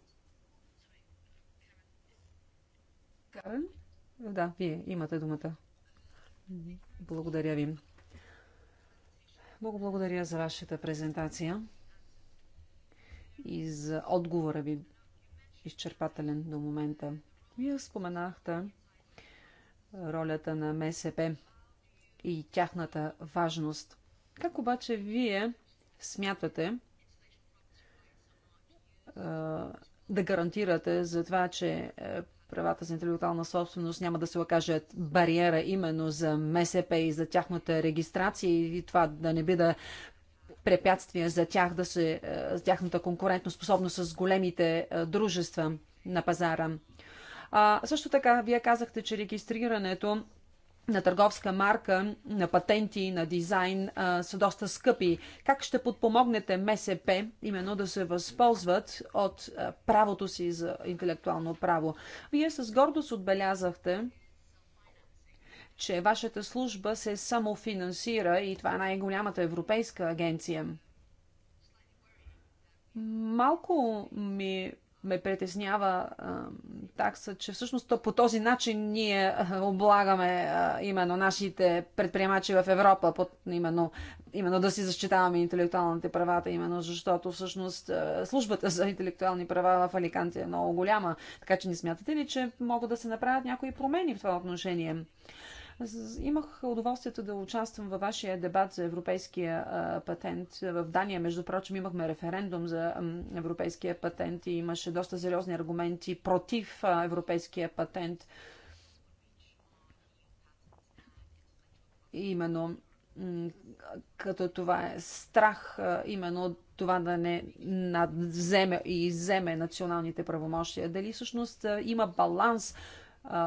Speaker 3: Да, вие имате думата. Благодаря ви. Много благодаря за вашата презентация и за отговора ви, изчерпателен до момента. Вие споменахте ролята на МСП и тяхната важност. Как обаче вие смятате да гарантирате за това, че правата за интелектуална собственост няма да се окажат бариера именно за МСП и за тяхната регистрация и това да не би да препятствие за тях да се, е, за тяхната конкурентоспособност с големите е, дружества на пазара. А, също така, вие казахте, че регистрирането на търговска марка, на патенти, на дизайн а, са доста скъпи. Как ще подпомогнете МСП именно да се възползват от а, правото си за интелектуално право? Вие с гордост отбелязахте, че вашата служба се самофинансира и това е най-голямата европейска агенция. Малко ми ме притеснява а, такса, че всъщност то по този начин ние облагаме а, именно нашите предприемачи в Европа, под, именно, именно да си защитаваме интелектуалните правата, именно защото всъщност службата за интелектуални права в Аликанте е много голяма. Така че не смятате ли, че могат да се направят някои промени в това отношение? Имах удоволствието да участвам във вашия дебат за европейския патент. В Дания, между прочим, имахме референдум за европейския патент и имаше доста сериозни аргументи против европейския патент. Именно като това е страх, именно това да не надземе и изземе националните правомощия. Дали всъщност има баланс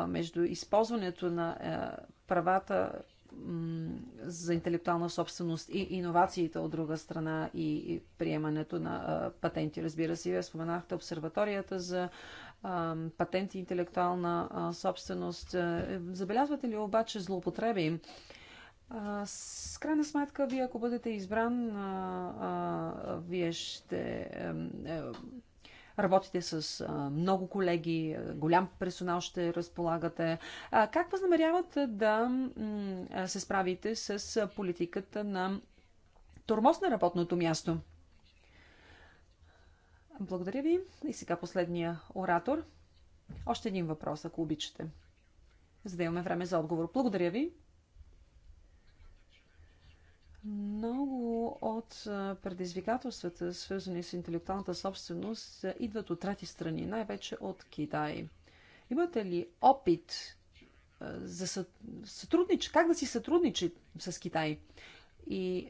Speaker 3: между използването на правата за интелектуална собственост и иновациите от друга страна и приемането на патенти. Разбира се, вие споменахте обсерваторията за патенти и интелектуална собственост. Е, забелязвате ли обаче злоупотреби? С крайна сметка, вие ако бъдете избран, вие ще е, Работите с много колеги, голям персонал ще разполагате. Как възнамерявате да се справите с политиката на тормоз на работното място? Благодаря ви. И сега последния оратор. Още един въпрос, ако обичате. За да имаме време за отговор. Благодаря ви. Много от предизвикателствата, свързани с интелектуалната собственост, идват от трети страни, най-вече от Китай. Имате ли опит за сътруднич... как да си сътрудничи с Китай? И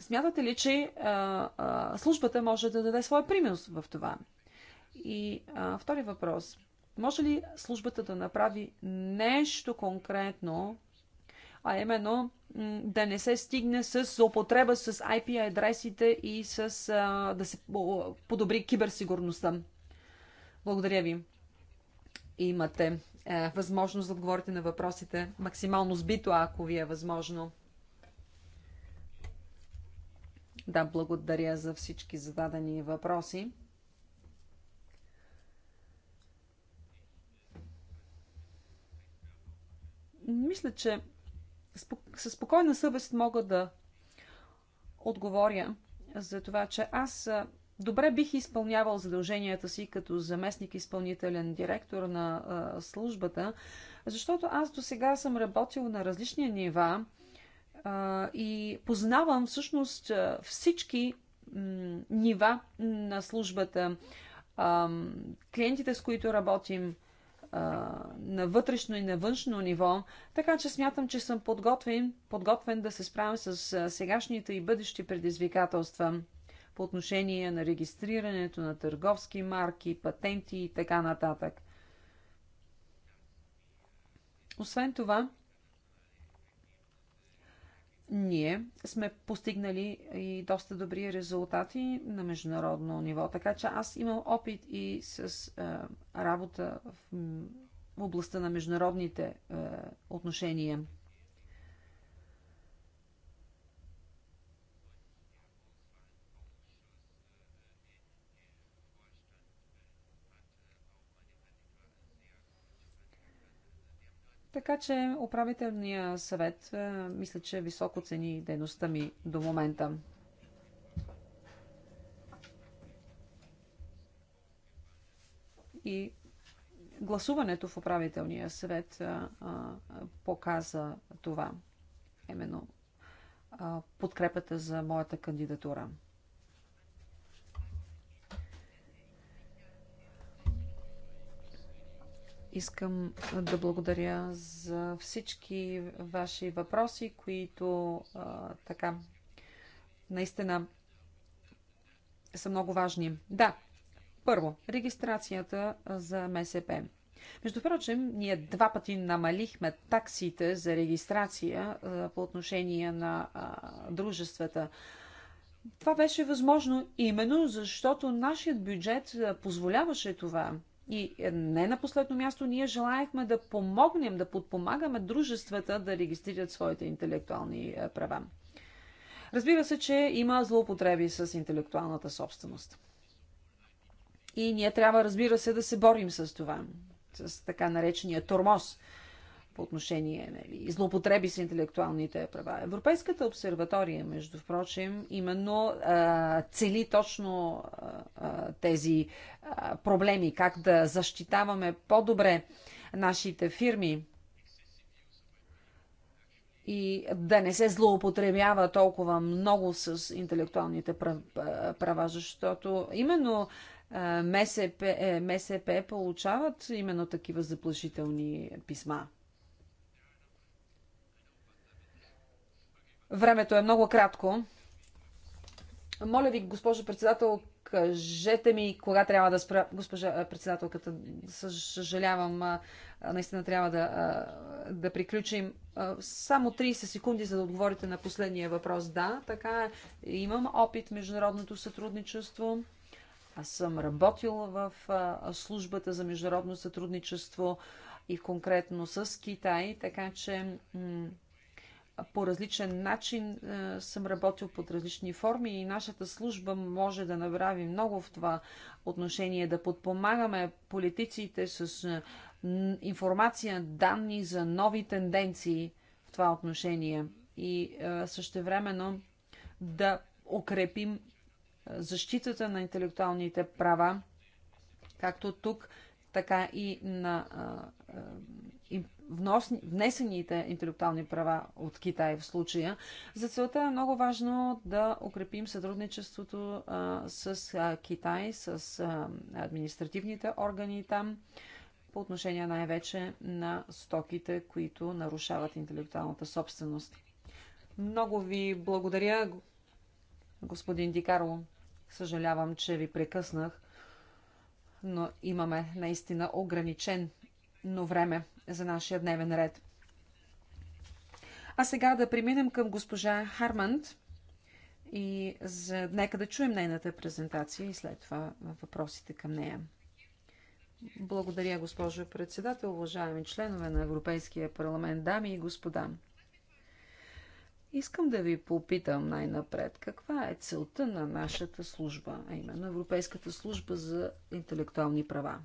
Speaker 3: смятате ли, че а, а, службата може да даде своя принос в това? И а, втори въпрос. Може ли службата да направи нещо конкретно а именно да не се стигне с злоупотреба с IP адресите и с, а, да се подобри киберсигурността. Благодаря ви. Имате е, възможност да отговорите на въпросите максимално сбито, ако ви е възможно. Да, благодаря за всички зададени въпроси. Мисля, че със спокойна съвест мога да отговоря за това, че аз добре бих изпълнявал задълженията си като заместник изпълнителен директор на а, службата, защото аз до сега съм работил на различни нива а, и познавам всъщност всички нива на службата, а, клиентите с които работим, на вътрешно и на външно ниво, така че смятам, че съм подготвен, подготвен да се справя с сегашните и бъдещи предизвикателства по отношение на регистрирането на търговски марки, патенти и така нататък. Освен това, ние сме постигнали и доста добри резултати на международно ниво. Така че аз имам опит и с а, е, работа в областта на международните а, е, отношения. Така че управителния съвет е, мисля, че високо цени дейността ми до момента. И гласуването в управителния съвет а, е, а, е, показа това, именно а, подкрепата за моята кандидатура. Искам да благодаря за всички ваши въпроси, които а, така наистина са много важни. Да, първо, регистрацията за МСП. Между прочим, ние два пъти намалихме таксите за регистрация а, по отношение на а, дружествата. Това беше възможно именно защото нашият бюджет позволяваше това. И не на последно място, ние желаехме да помогнем, да подпомагаме дружествата да регистрират своите интелектуални е, права. Разбира се, че има злоупотреби с интелектуалната собственост. И ние трябва, разбира се, да се борим с това, с така наречения тормоз – по отношение нали, злоупотреби с интелектуалните права. Европейската обсерватория, между впрочем, именно а, цели точно а, тези а, проблеми, как да защитаваме по-добре нашите фирми и да не се злоупотребява толкова много с интелектуалните права, защото именно МСП, е, МСП получават именно такива заплашителни писма. Времето е много кратко. Моля ви, госпожо председател, кажете ми кога трябва да спра. Госпожа председателката, съжалявам, наистина трябва да, да приключим. Само 30 секунди, за да отговорите на последния въпрос. Да, така е. Имам опит в международното сътрудничество. Аз съм работила в службата за международно сътрудничество и конкретно с Китай, така че по различен начин е, съм работил под различни форми и нашата служба може да направи много в това отношение, да подпомагаме политиците с е, информация, данни за нови тенденции в това отношение и е, същевременно да укрепим защитата на интелектуалните права, както тук, така и на внесените интелектуални права от Китай в случая. За целта е много важно да укрепим сътрудничеството а, с а, Китай, с а, административните органи там, по отношение най-вече на стоките, които нарушават интелектуалната собственост. Много ви благодаря, господин Дикаро. Съжалявам, че ви прекъснах, но имаме наистина ограничен но време за нашия дневен ред. А сега да преминем към госпожа Харманд и за... нека да чуем нейната презентация и след това въпросите към нея. Благодаря, госпожо председател, уважаеми членове на Европейския парламент, дами и господа. Искам да ви попитам най-напред каква е целта на нашата служба, а именно Европейската служба за интелектуални права.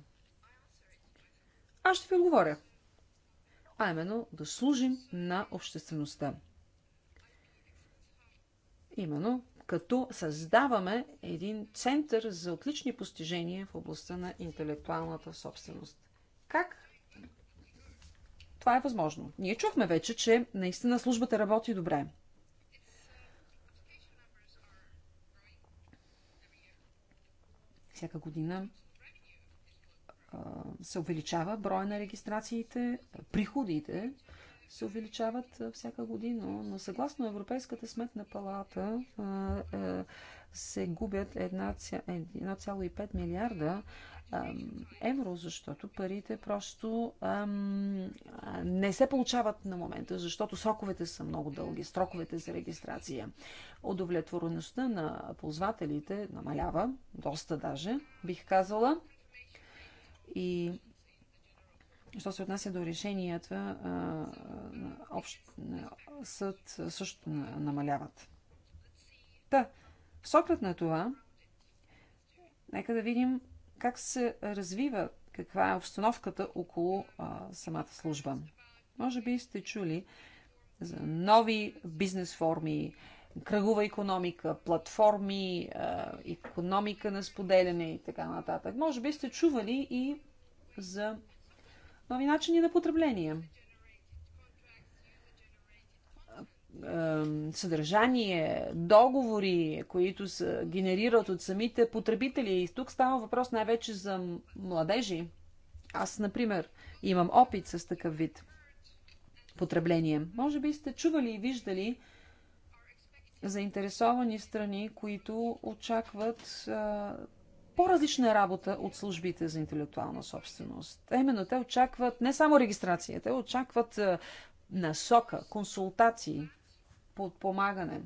Speaker 3: Аз ще ви отговоря а именно да служим на обществеността. Именно като създаваме един център за отлични постижения в областта на интелектуалната собственост. Как? Това е възможно. Ние чухме вече, че наистина службата работи добре. Всяка година се увеличава брой на регистрациите, приходите се увеличават всяка година, но съгласно Европейската сметна палата се губят 1,5 милиарда евро, защото парите просто не се получават на момента, защото сроковете са много дълги, сроковете за регистрация. Удовлетвореността на ползвателите намалява, доста даже, бих казала. И що се отнася до решенията, общ, съд също намаляват. Та, с оглед на това, нека да видим как се развива, каква е обстановката около а, самата служба. Може би сте чули за нови бизнес форми, кръгова економика, платформи, е, економика на споделяне и така нататък. Може би сте чували и за нови начини на потребление. Е, съдържание, договори, които се генерират от самите потребители. И тук става въпрос най-вече за младежи. Аз, например, имам опит с такъв вид потребление. Може би сте чували и виждали, заинтересовани страни, които очакват по-различна работа от службите за интелектуална собственост. А именно, те очакват не само регистрация, те очакват насока, консултации, подпомагане.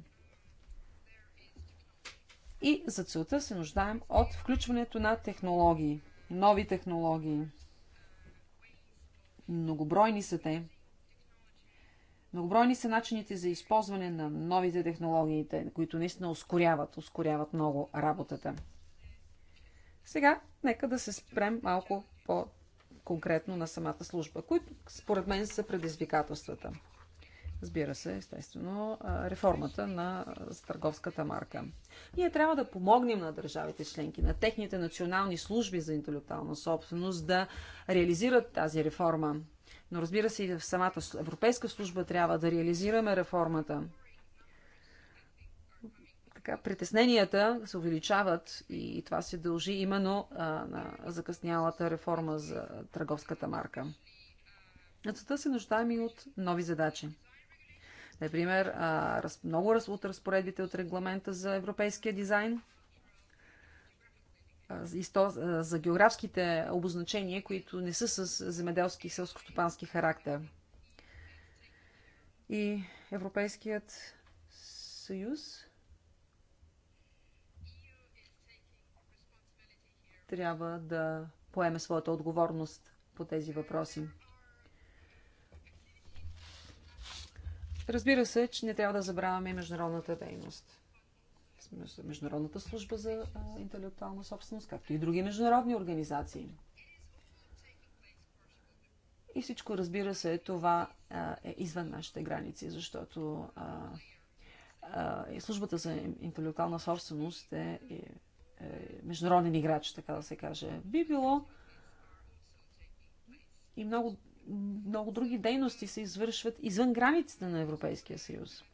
Speaker 3: И за целта се нуждаем от включването на технологии, нови технологии. Многобройни са те. Многобройни са начините за използване на новите технологиите, които наистина ускоряват, ускоряват много работата. Сега, нека да се спрем малко по-конкретно на самата служба, които според мен са предизвикателствата разбира се, естествено, реформата на търговската марка. Ние трябва да помогнем на държавите членки, на техните национални служби за интелектуална собственост да реализират тази реформа. Но разбира се, и в самата Европейска служба трябва да реализираме реформата. Така, притесненията се увеличават и това се дължи именно а, на закъснялата реформа за търговската марка. Целта се нуждаем и от нови задачи. Например, много от разпоредбите от регламента за европейския дизайн за географските обозначения, които не са с земеделски и селскостопански характер. И Европейският съюз трябва да поеме своята отговорност по тези въпроси. Разбира се, че не трябва да забравяме и международната дейност. Международната служба за интелектуална собственост, както и други международни организации. И всичко, разбира се, това е извън нашите граници, защото службата за интелектуална собственост е, е, е международен играч, така да се каже. Би било и много много други дейности се извършват извън границите на Европейския съюз.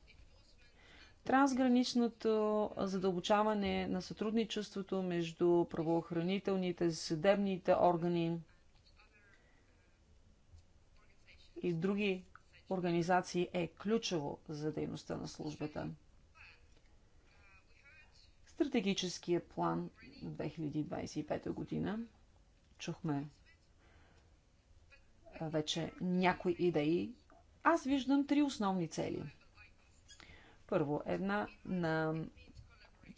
Speaker 3: Трансграничното задълбочаване на сътрудничеството между правоохранителните, съдебните органи и други организации е ключово за дейността на службата. Стратегическия план 2025 година чухме вече някои идеи, аз виждам три основни цели. Първо, една на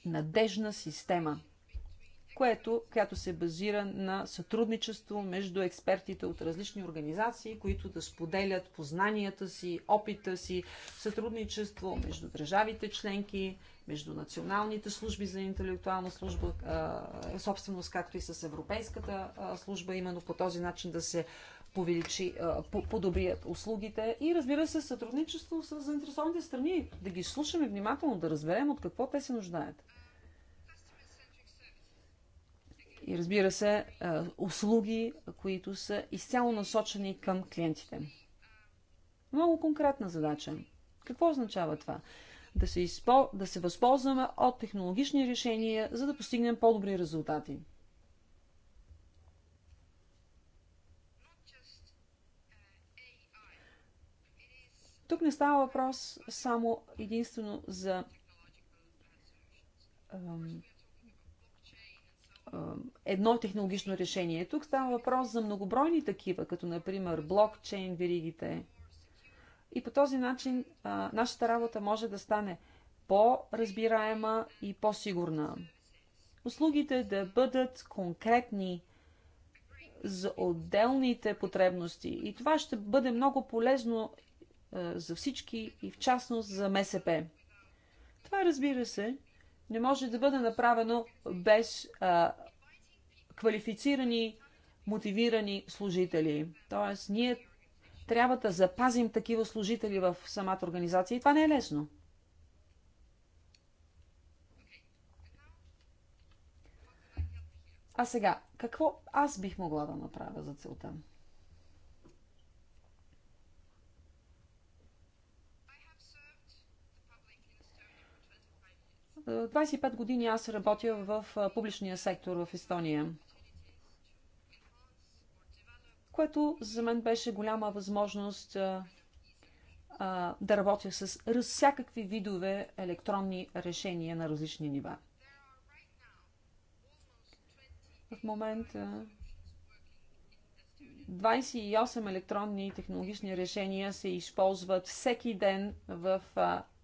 Speaker 3: надежна система, което, която се базира на сътрудничество между експертите от различни организации, които да споделят познанията си, опита си, сътрудничество между държавите членки, между националните служби за интелектуална служба, собственост, както и с Европейската служба, именно по този начин да се повеличи, по подобри услугите и разбира се сътрудничество с заинтересованите страни, да ги слушаме внимателно, да разберем от какво те се нуждаят. И разбира се, услуги, които са изцяло насочени към клиентите. Много конкретна задача. Какво означава това? Да се, изпо... да се възползваме от технологични решения, за да постигнем по-добри резултати. Тук не става въпрос само единствено за ам, ам, едно технологично решение. Тук става въпрос за многобройни такива, като например блокчейн веригите. И по този начин а, нашата работа може да стане по-разбираема и по-сигурна. Услугите да бъдат конкретни за отделните потребности. И това ще бъде много полезно за всички и в частност за МСП. Това, разбира се, не може да бъде направено без а, квалифицирани, мотивирани служители. Тоест, ние трябва да запазим такива служители в самата организация и това не е лесно. А сега, какво аз бих могла да направя за целта? 25 години аз работя в публичния сектор в Естония, което за мен беше голяма възможност да работя с всякакви видове електронни решения на различни нива. В момента 28 електронни технологични решения се използват всеки ден в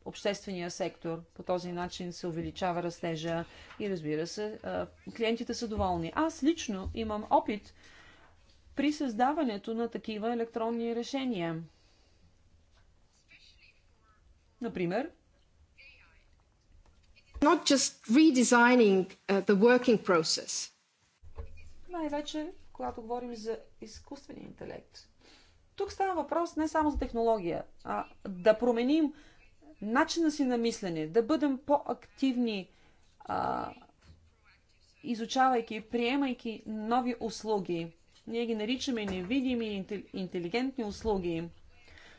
Speaker 3: обществения сектор. По този начин се увеличава растежа и разбира се, клиентите са доволни. Аз лично имам опит при създаването на такива електронни решения. Например, not just redesigning uh, the working process. Най-вече, когато говорим за изкуствения интелект. Тук става въпрос не само за технология, а да променим начина си на мислене, да бъдем по-активни, изучавайки и приемайки нови услуги. Ние ги наричаме невидими интелигентни услуги.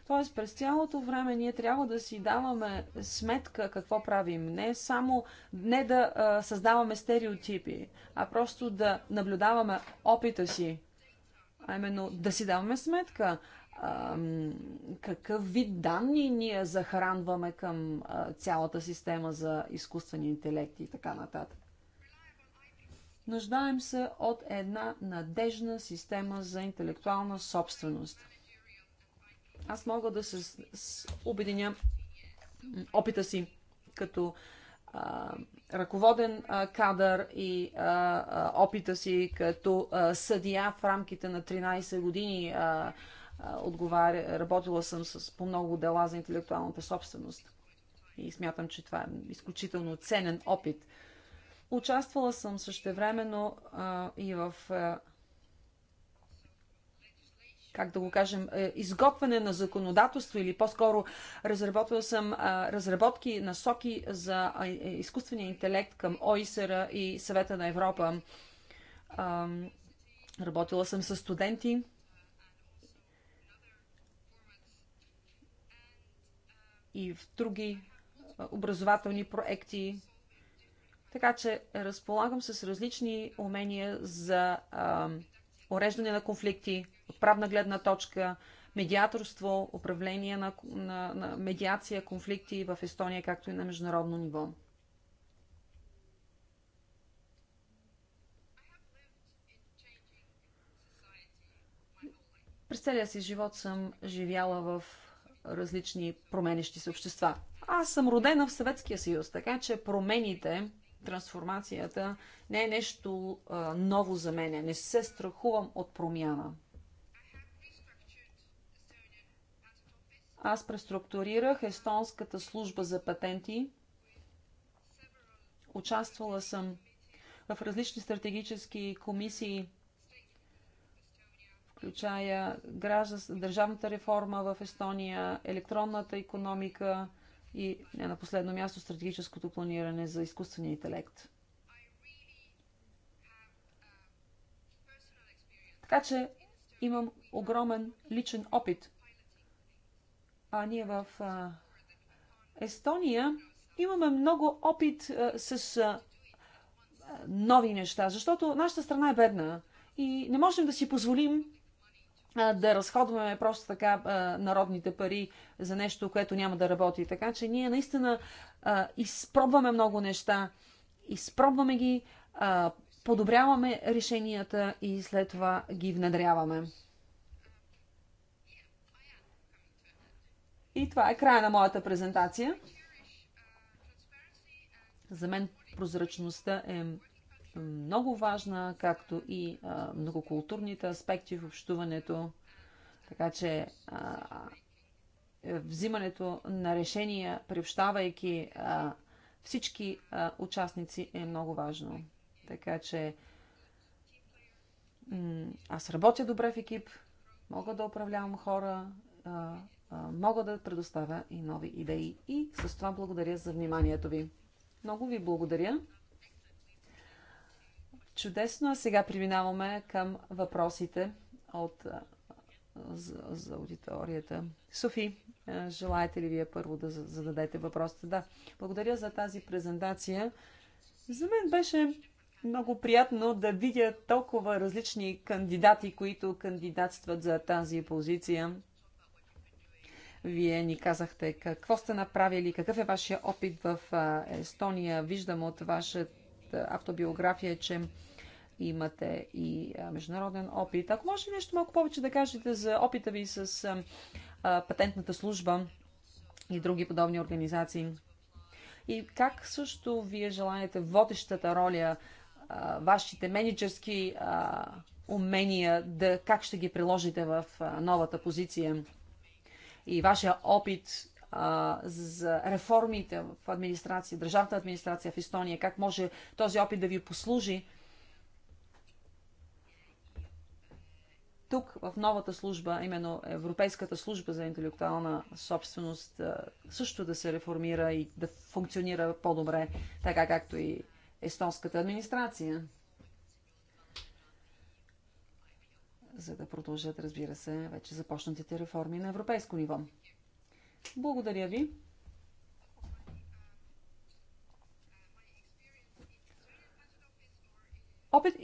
Speaker 3: Тоест през цялото време ние трябва да си даваме сметка какво правим. Не само не да а, създаваме стереотипи, а просто да наблюдаваме опита си. А именно да си даваме сметка какъв вид данни ние захранваме към цялата система за изкуствени интелекти и така нататък. Нуждаем се от една надежна система за интелектуална собственост. Аз мога да се обединя опита си като а, ръководен а, кадър и а, а, опита си като а, съдия в рамките на 13 години. А, отговаря, работила съм с, по много дела за интелектуалната собственост. И смятам, че това е изключително ценен опит. Участвала съм същевременно а, и в, а, как да го кажем, е, изготвяне на законодателство или по-скоро разработвала съм разработки разработки, насоки за е, е, изкуствения интелект към ОИСР и Съвета на Европа. работила съм с студенти, и в други образователни проекти. Така че разполагам с различни умения за а, уреждане на конфликти правна гледна точка, медиаторство, управление на, на, на медиация, конфликти в Естония, както и на международно ниво. През целия си живот съм живяла в различни променещи се общества. Аз съм родена в Съветския съюз, така че промените, трансформацията не е нещо а, ново за мен. Не се страхувам от промяна. Аз преструктурирах Естонската служба за патенти. Участвала съм в различни стратегически комисии включая граждан, държавната реформа в Естония, електронната економика и не на последно място стратегическото планиране за изкуствения интелект. Така че имам огромен личен опит. А ние в а, Естония имаме много опит а, с а, нови неща, защото нашата страна е бедна и не можем да си позволим да разходваме просто така а, народните пари за нещо, което няма да работи. Така че ние наистина а, изпробваме много неща, изпробваме ги, а, подобряваме решенията и след това ги внедряваме. И това е края на моята презентация. За мен прозрачността е много важна, както и а, многокултурните аспекти в общуването. Така че а, взимането на решения, приобщавайки а, всички а, участници е много важно. Така че аз работя добре в екип, мога да управлявам хора, а, а, мога да предоставя и нови идеи. И с това благодаря за вниманието ви. Много ви благодаря. Чудесно, а сега преминаваме към въпросите от, за, за аудиторията. Софи, желаете ли вие първо да зададете въпросите? Да, благодаря за тази презентация. За мен беше много приятно да видя толкова различни кандидати, които кандидатстват за тази позиция. Вие ни казахте какво сте направили, какъв е вашия опит в Естония. Виждам от вашата автобиография, че Имате и международен опит. Ако може нещо малко повече да кажете за опита ви с патентната служба и други подобни организации. И как също вие желаете водещата роля, вашите менеджерски умения, да, как ще ги приложите в новата позиция? И вашия опит а, за реформите в администрация, държавната администрация в Естония, как може този опит да ви послужи тук в новата служба, именно Европейската служба за интелектуална собственост, също да се реформира и да функционира по-добре, така както и естонската администрация. За да продължат, разбира се, вече започнатите реформи на европейско ниво.
Speaker 1: Благодаря ви.
Speaker 3: опит,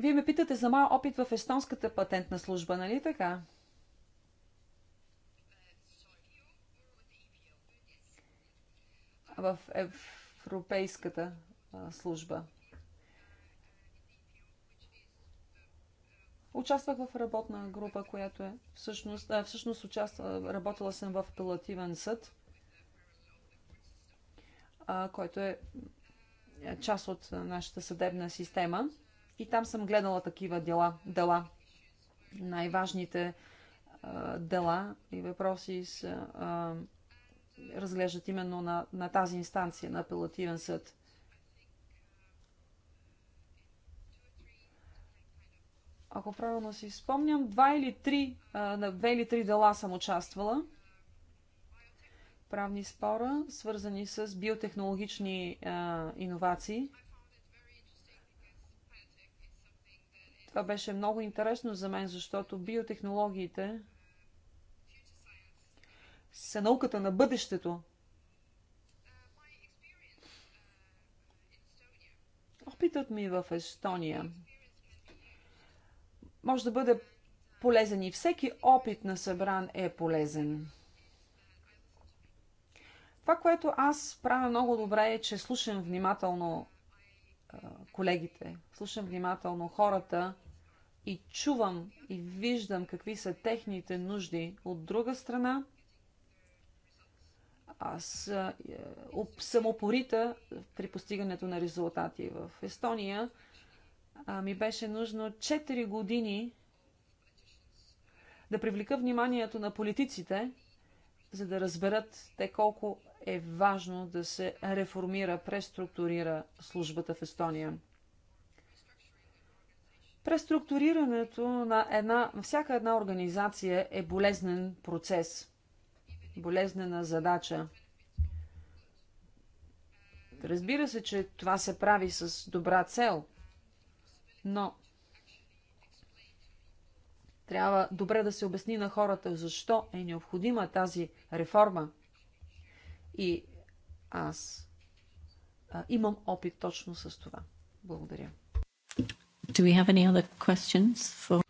Speaker 3: вие ме питате за моя опит в естонската патентна служба, нали така? В европейската служба. Участвах в работна група, която е всъщност, а, всъщност участва, работила съм в апелативен съд, а, който е, е част от нашата съдебна система. И там съм гледала такива дела. дела. Най-важните дела и въпроси са, а, разглеждат именно на, на тази инстанция, на апелативен съд. Ако правилно си спомням, два или три, на две или три дела съм участвала. Правни спора, свързани с биотехнологични а, иновации. Това беше много интересно за мен, защото биотехнологиите са науката на бъдещето. Опитът ми е в Естония може да бъде полезен и всеки опит на събран е полезен. Това, което аз правя много добре е, че слушам внимателно колегите, слушам внимателно хората и чувам и виждам какви са техните нужди. От друга страна, аз е, съм опорита при постигането на резултати. В Естония а, ми беше нужно 4 години да привлека вниманието на политиците, за да разберат те колко е важно да се реформира, преструктурира службата в Естония. Преструктурирането на една, всяка една организация е болезнен процес, болезнена задача. Разбира се, че това се прави с добра цел, но трябва добре да се обясни на хората защо е необходима тази реформа. И аз а, имам опит точно с това. Благодаря.
Speaker 1: Do we have any other questions for...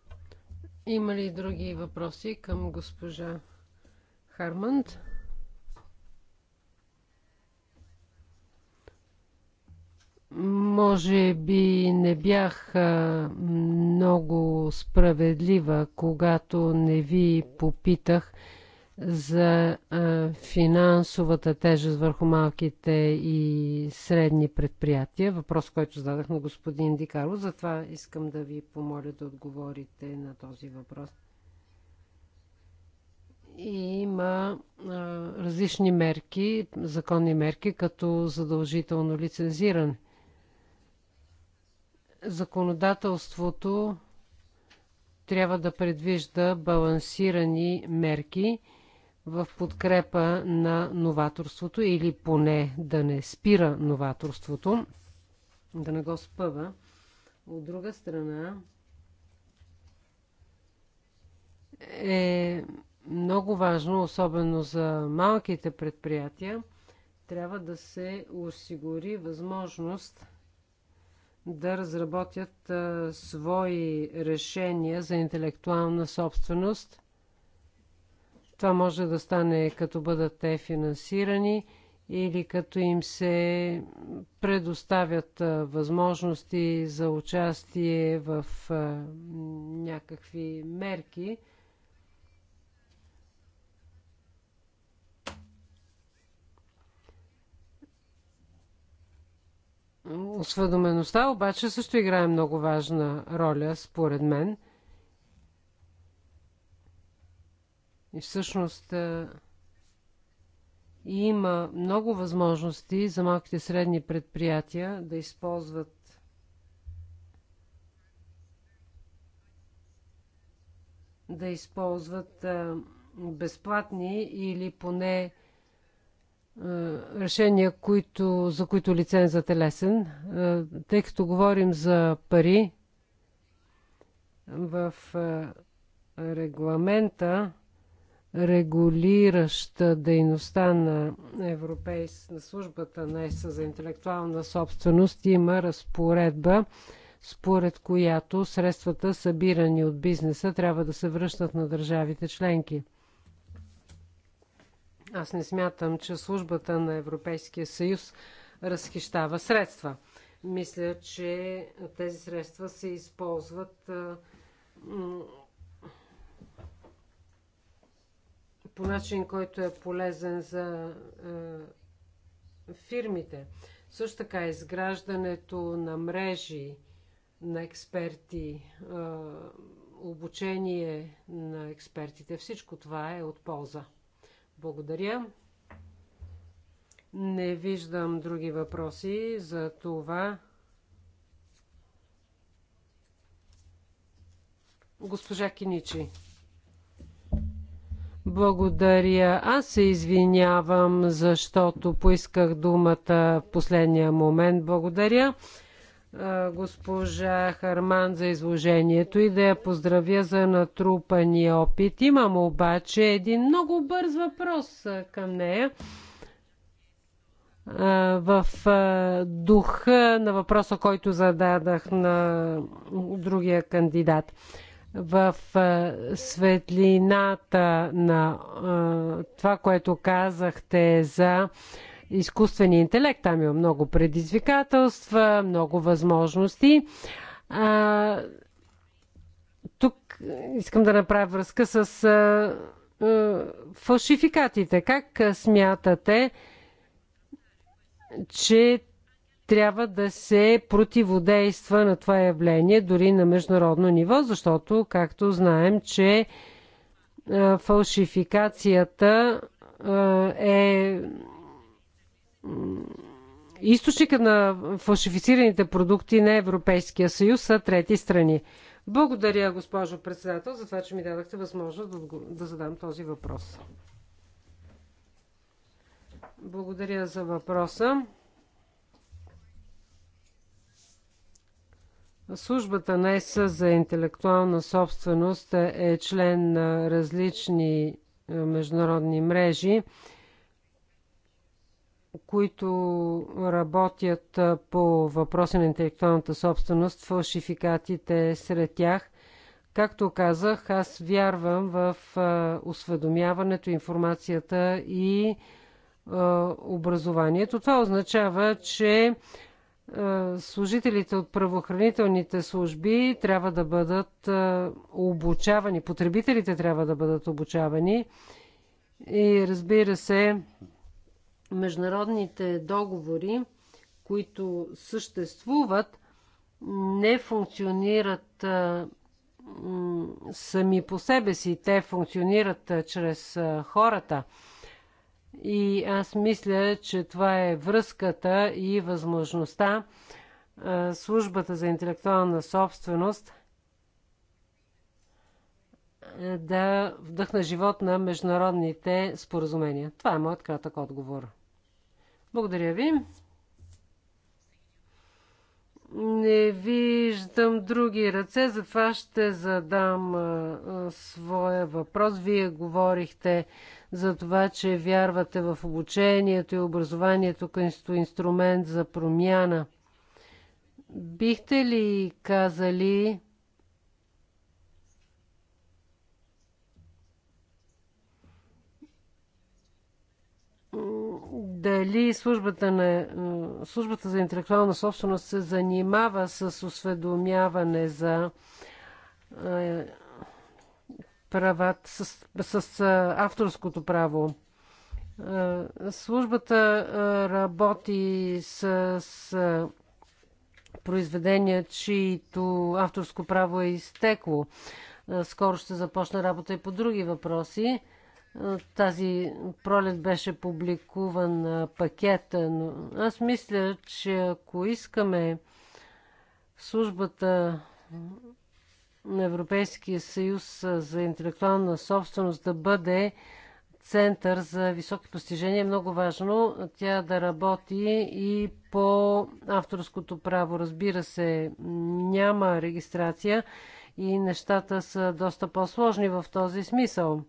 Speaker 3: Има ли други
Speaker 1: въпроси към госпожа Харманд? Може би не бях много справедлива, когато не ви попитах за финансовата тежест върху малките и средни предприятия. Въпрос, който зададах на господин Дикаро, затова искам да ви помоля да отговорите на този въпрос. И има а, различни мерки, законни мерки, като задължително лицензиране. Законодателството трябва да предвижда балансирани мерки – в подкрепа на новаторството или поне да не спира новаторството, да не го спъва. От друга страна е много важно, особено за малките предприятия, трябва да се осигури възможност да разработят а, свои решения за интелектуална собственост – това може да стане като бъдат те финансирани или като им се предоставят възможности за участие в някакви мерки. Осведомеността обаче също играе много важна роля, според мен – И всъщност има много възможности за малките и средни предприятия да използват да използват безплатни или поне решения, които, за които лицензът е лесен. Тъй като говорим за пари в регламента, регулираща дейността на, Европейс, на службата на ЕС за интелектуална собственост има разпоредба, според която средствата събирани от бизнеса трябва да се връщат на държавите членки. Аз не смятам, че службата на Европейския съюз разхищава средства. Мисля, че тези средства се използват по начин, който е полезен за е, фирмите. Също така изграждането на мрежи на експерти, е, обучение на експертите, всичко това е от полза. Благодаря. Не виждам други въпроси за това. Госпожа Киничи. Благодаря. Аз се извинявам, защото поисках думата в последния момент. Благодаря госпожа Харман за изложението и да я поздравя за натрупания опит. Имам обаче един много бърз въпрос към нея. В духа на въпроса, който зададах на другия кандидат в светлината на това, което казахте за изкуствения интелект. Там има много предизвикателства, много възможности. тук искам да направя връзка с фалшификатите. Как смятате, че трябва да се противодейства на това явление дори на международно ниво, защото, както знаем, че фалшификацията е източника на фалшифицираните продукти на Европейския съюз са трети страни. Благодаря, госпожо председател, за това, че ми дадахте възможност да задам този въпрос. Благодаря за въпроса. Службата на ЕС за интелектуална собственост е член на различни е, международни мрежи, които работят е, по въпроси на интелектуалната собственост, фалшификатите сред тях. Както казах, аз вярвам в е, осведомяването, информацията и образованието. Това означава, че е, служителите от правоохранителните служби трябва да бъдат е, обучавани, потребителите трябва да бъдат обучавани и разбира се, международните договори, които съществуват, не функционират е, сами по себе си, те функционират чрез хората. И аз мисля, че това е връзката и възможността службата за интелектуална собственост да вдъхна живот на международните споразумения. Това е моят кратък отговор. Благодаря ви. Не виждам други ръце, затова ще задам а, а, своя въпрос. Вие говорихте за това, че вярвате в обучението и образованието като инструмент за промяна. Бихте ли казали дали службата, на, службата за интелектуална собственост се занимава с осведомяване за е, правата, с, с авторското право. Е, службата е, работи с, с произведения, чието авторско право е изтекло. Скоро ще започна работа и по други въпроси. Тази пролет беше публикуван пакет. Но аз мисля, че ако искаме службата на Европейския съюз за интелектуална собственост да бъде център за високи постижения е много важно тя да работи и по авторското право. Разбира се, няма регистрация и нещата са доста по-сложни в този смисъл.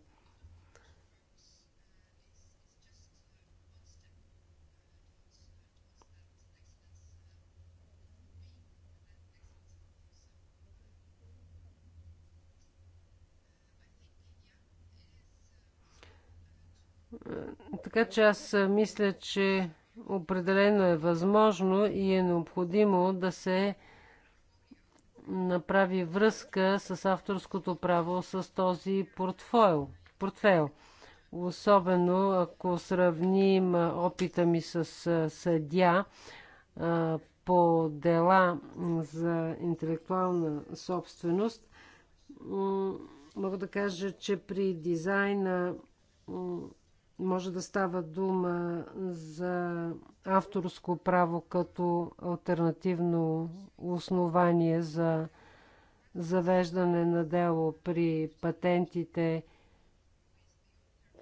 Speaker 1: Така че аз мисля, че определено е възможно и е необходимо да се направи връзка с авторското право с този портфел. портфейл. Особено ако сравним опита ми с съдя по дела за интелектуална собственост, мога да кажа, че при дизайна може да става дума за авторско право като альтернативно основание за завеждане на дело при патентите.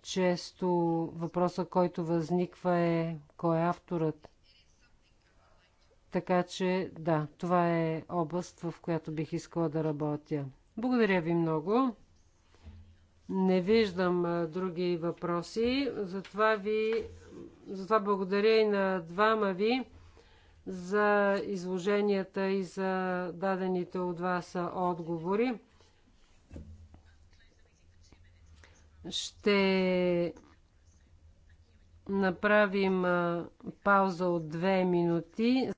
Speaker 1: Често въпроса, който възниква е кой е авторът. Така че, да, това е област, в която бих искала да работя. Благодаря ви много. Не виждам други въпроси, затова ви затова благодаря и на двама ви за изложенията и за дадените от вас отговори. Ще направим пауза от две минути.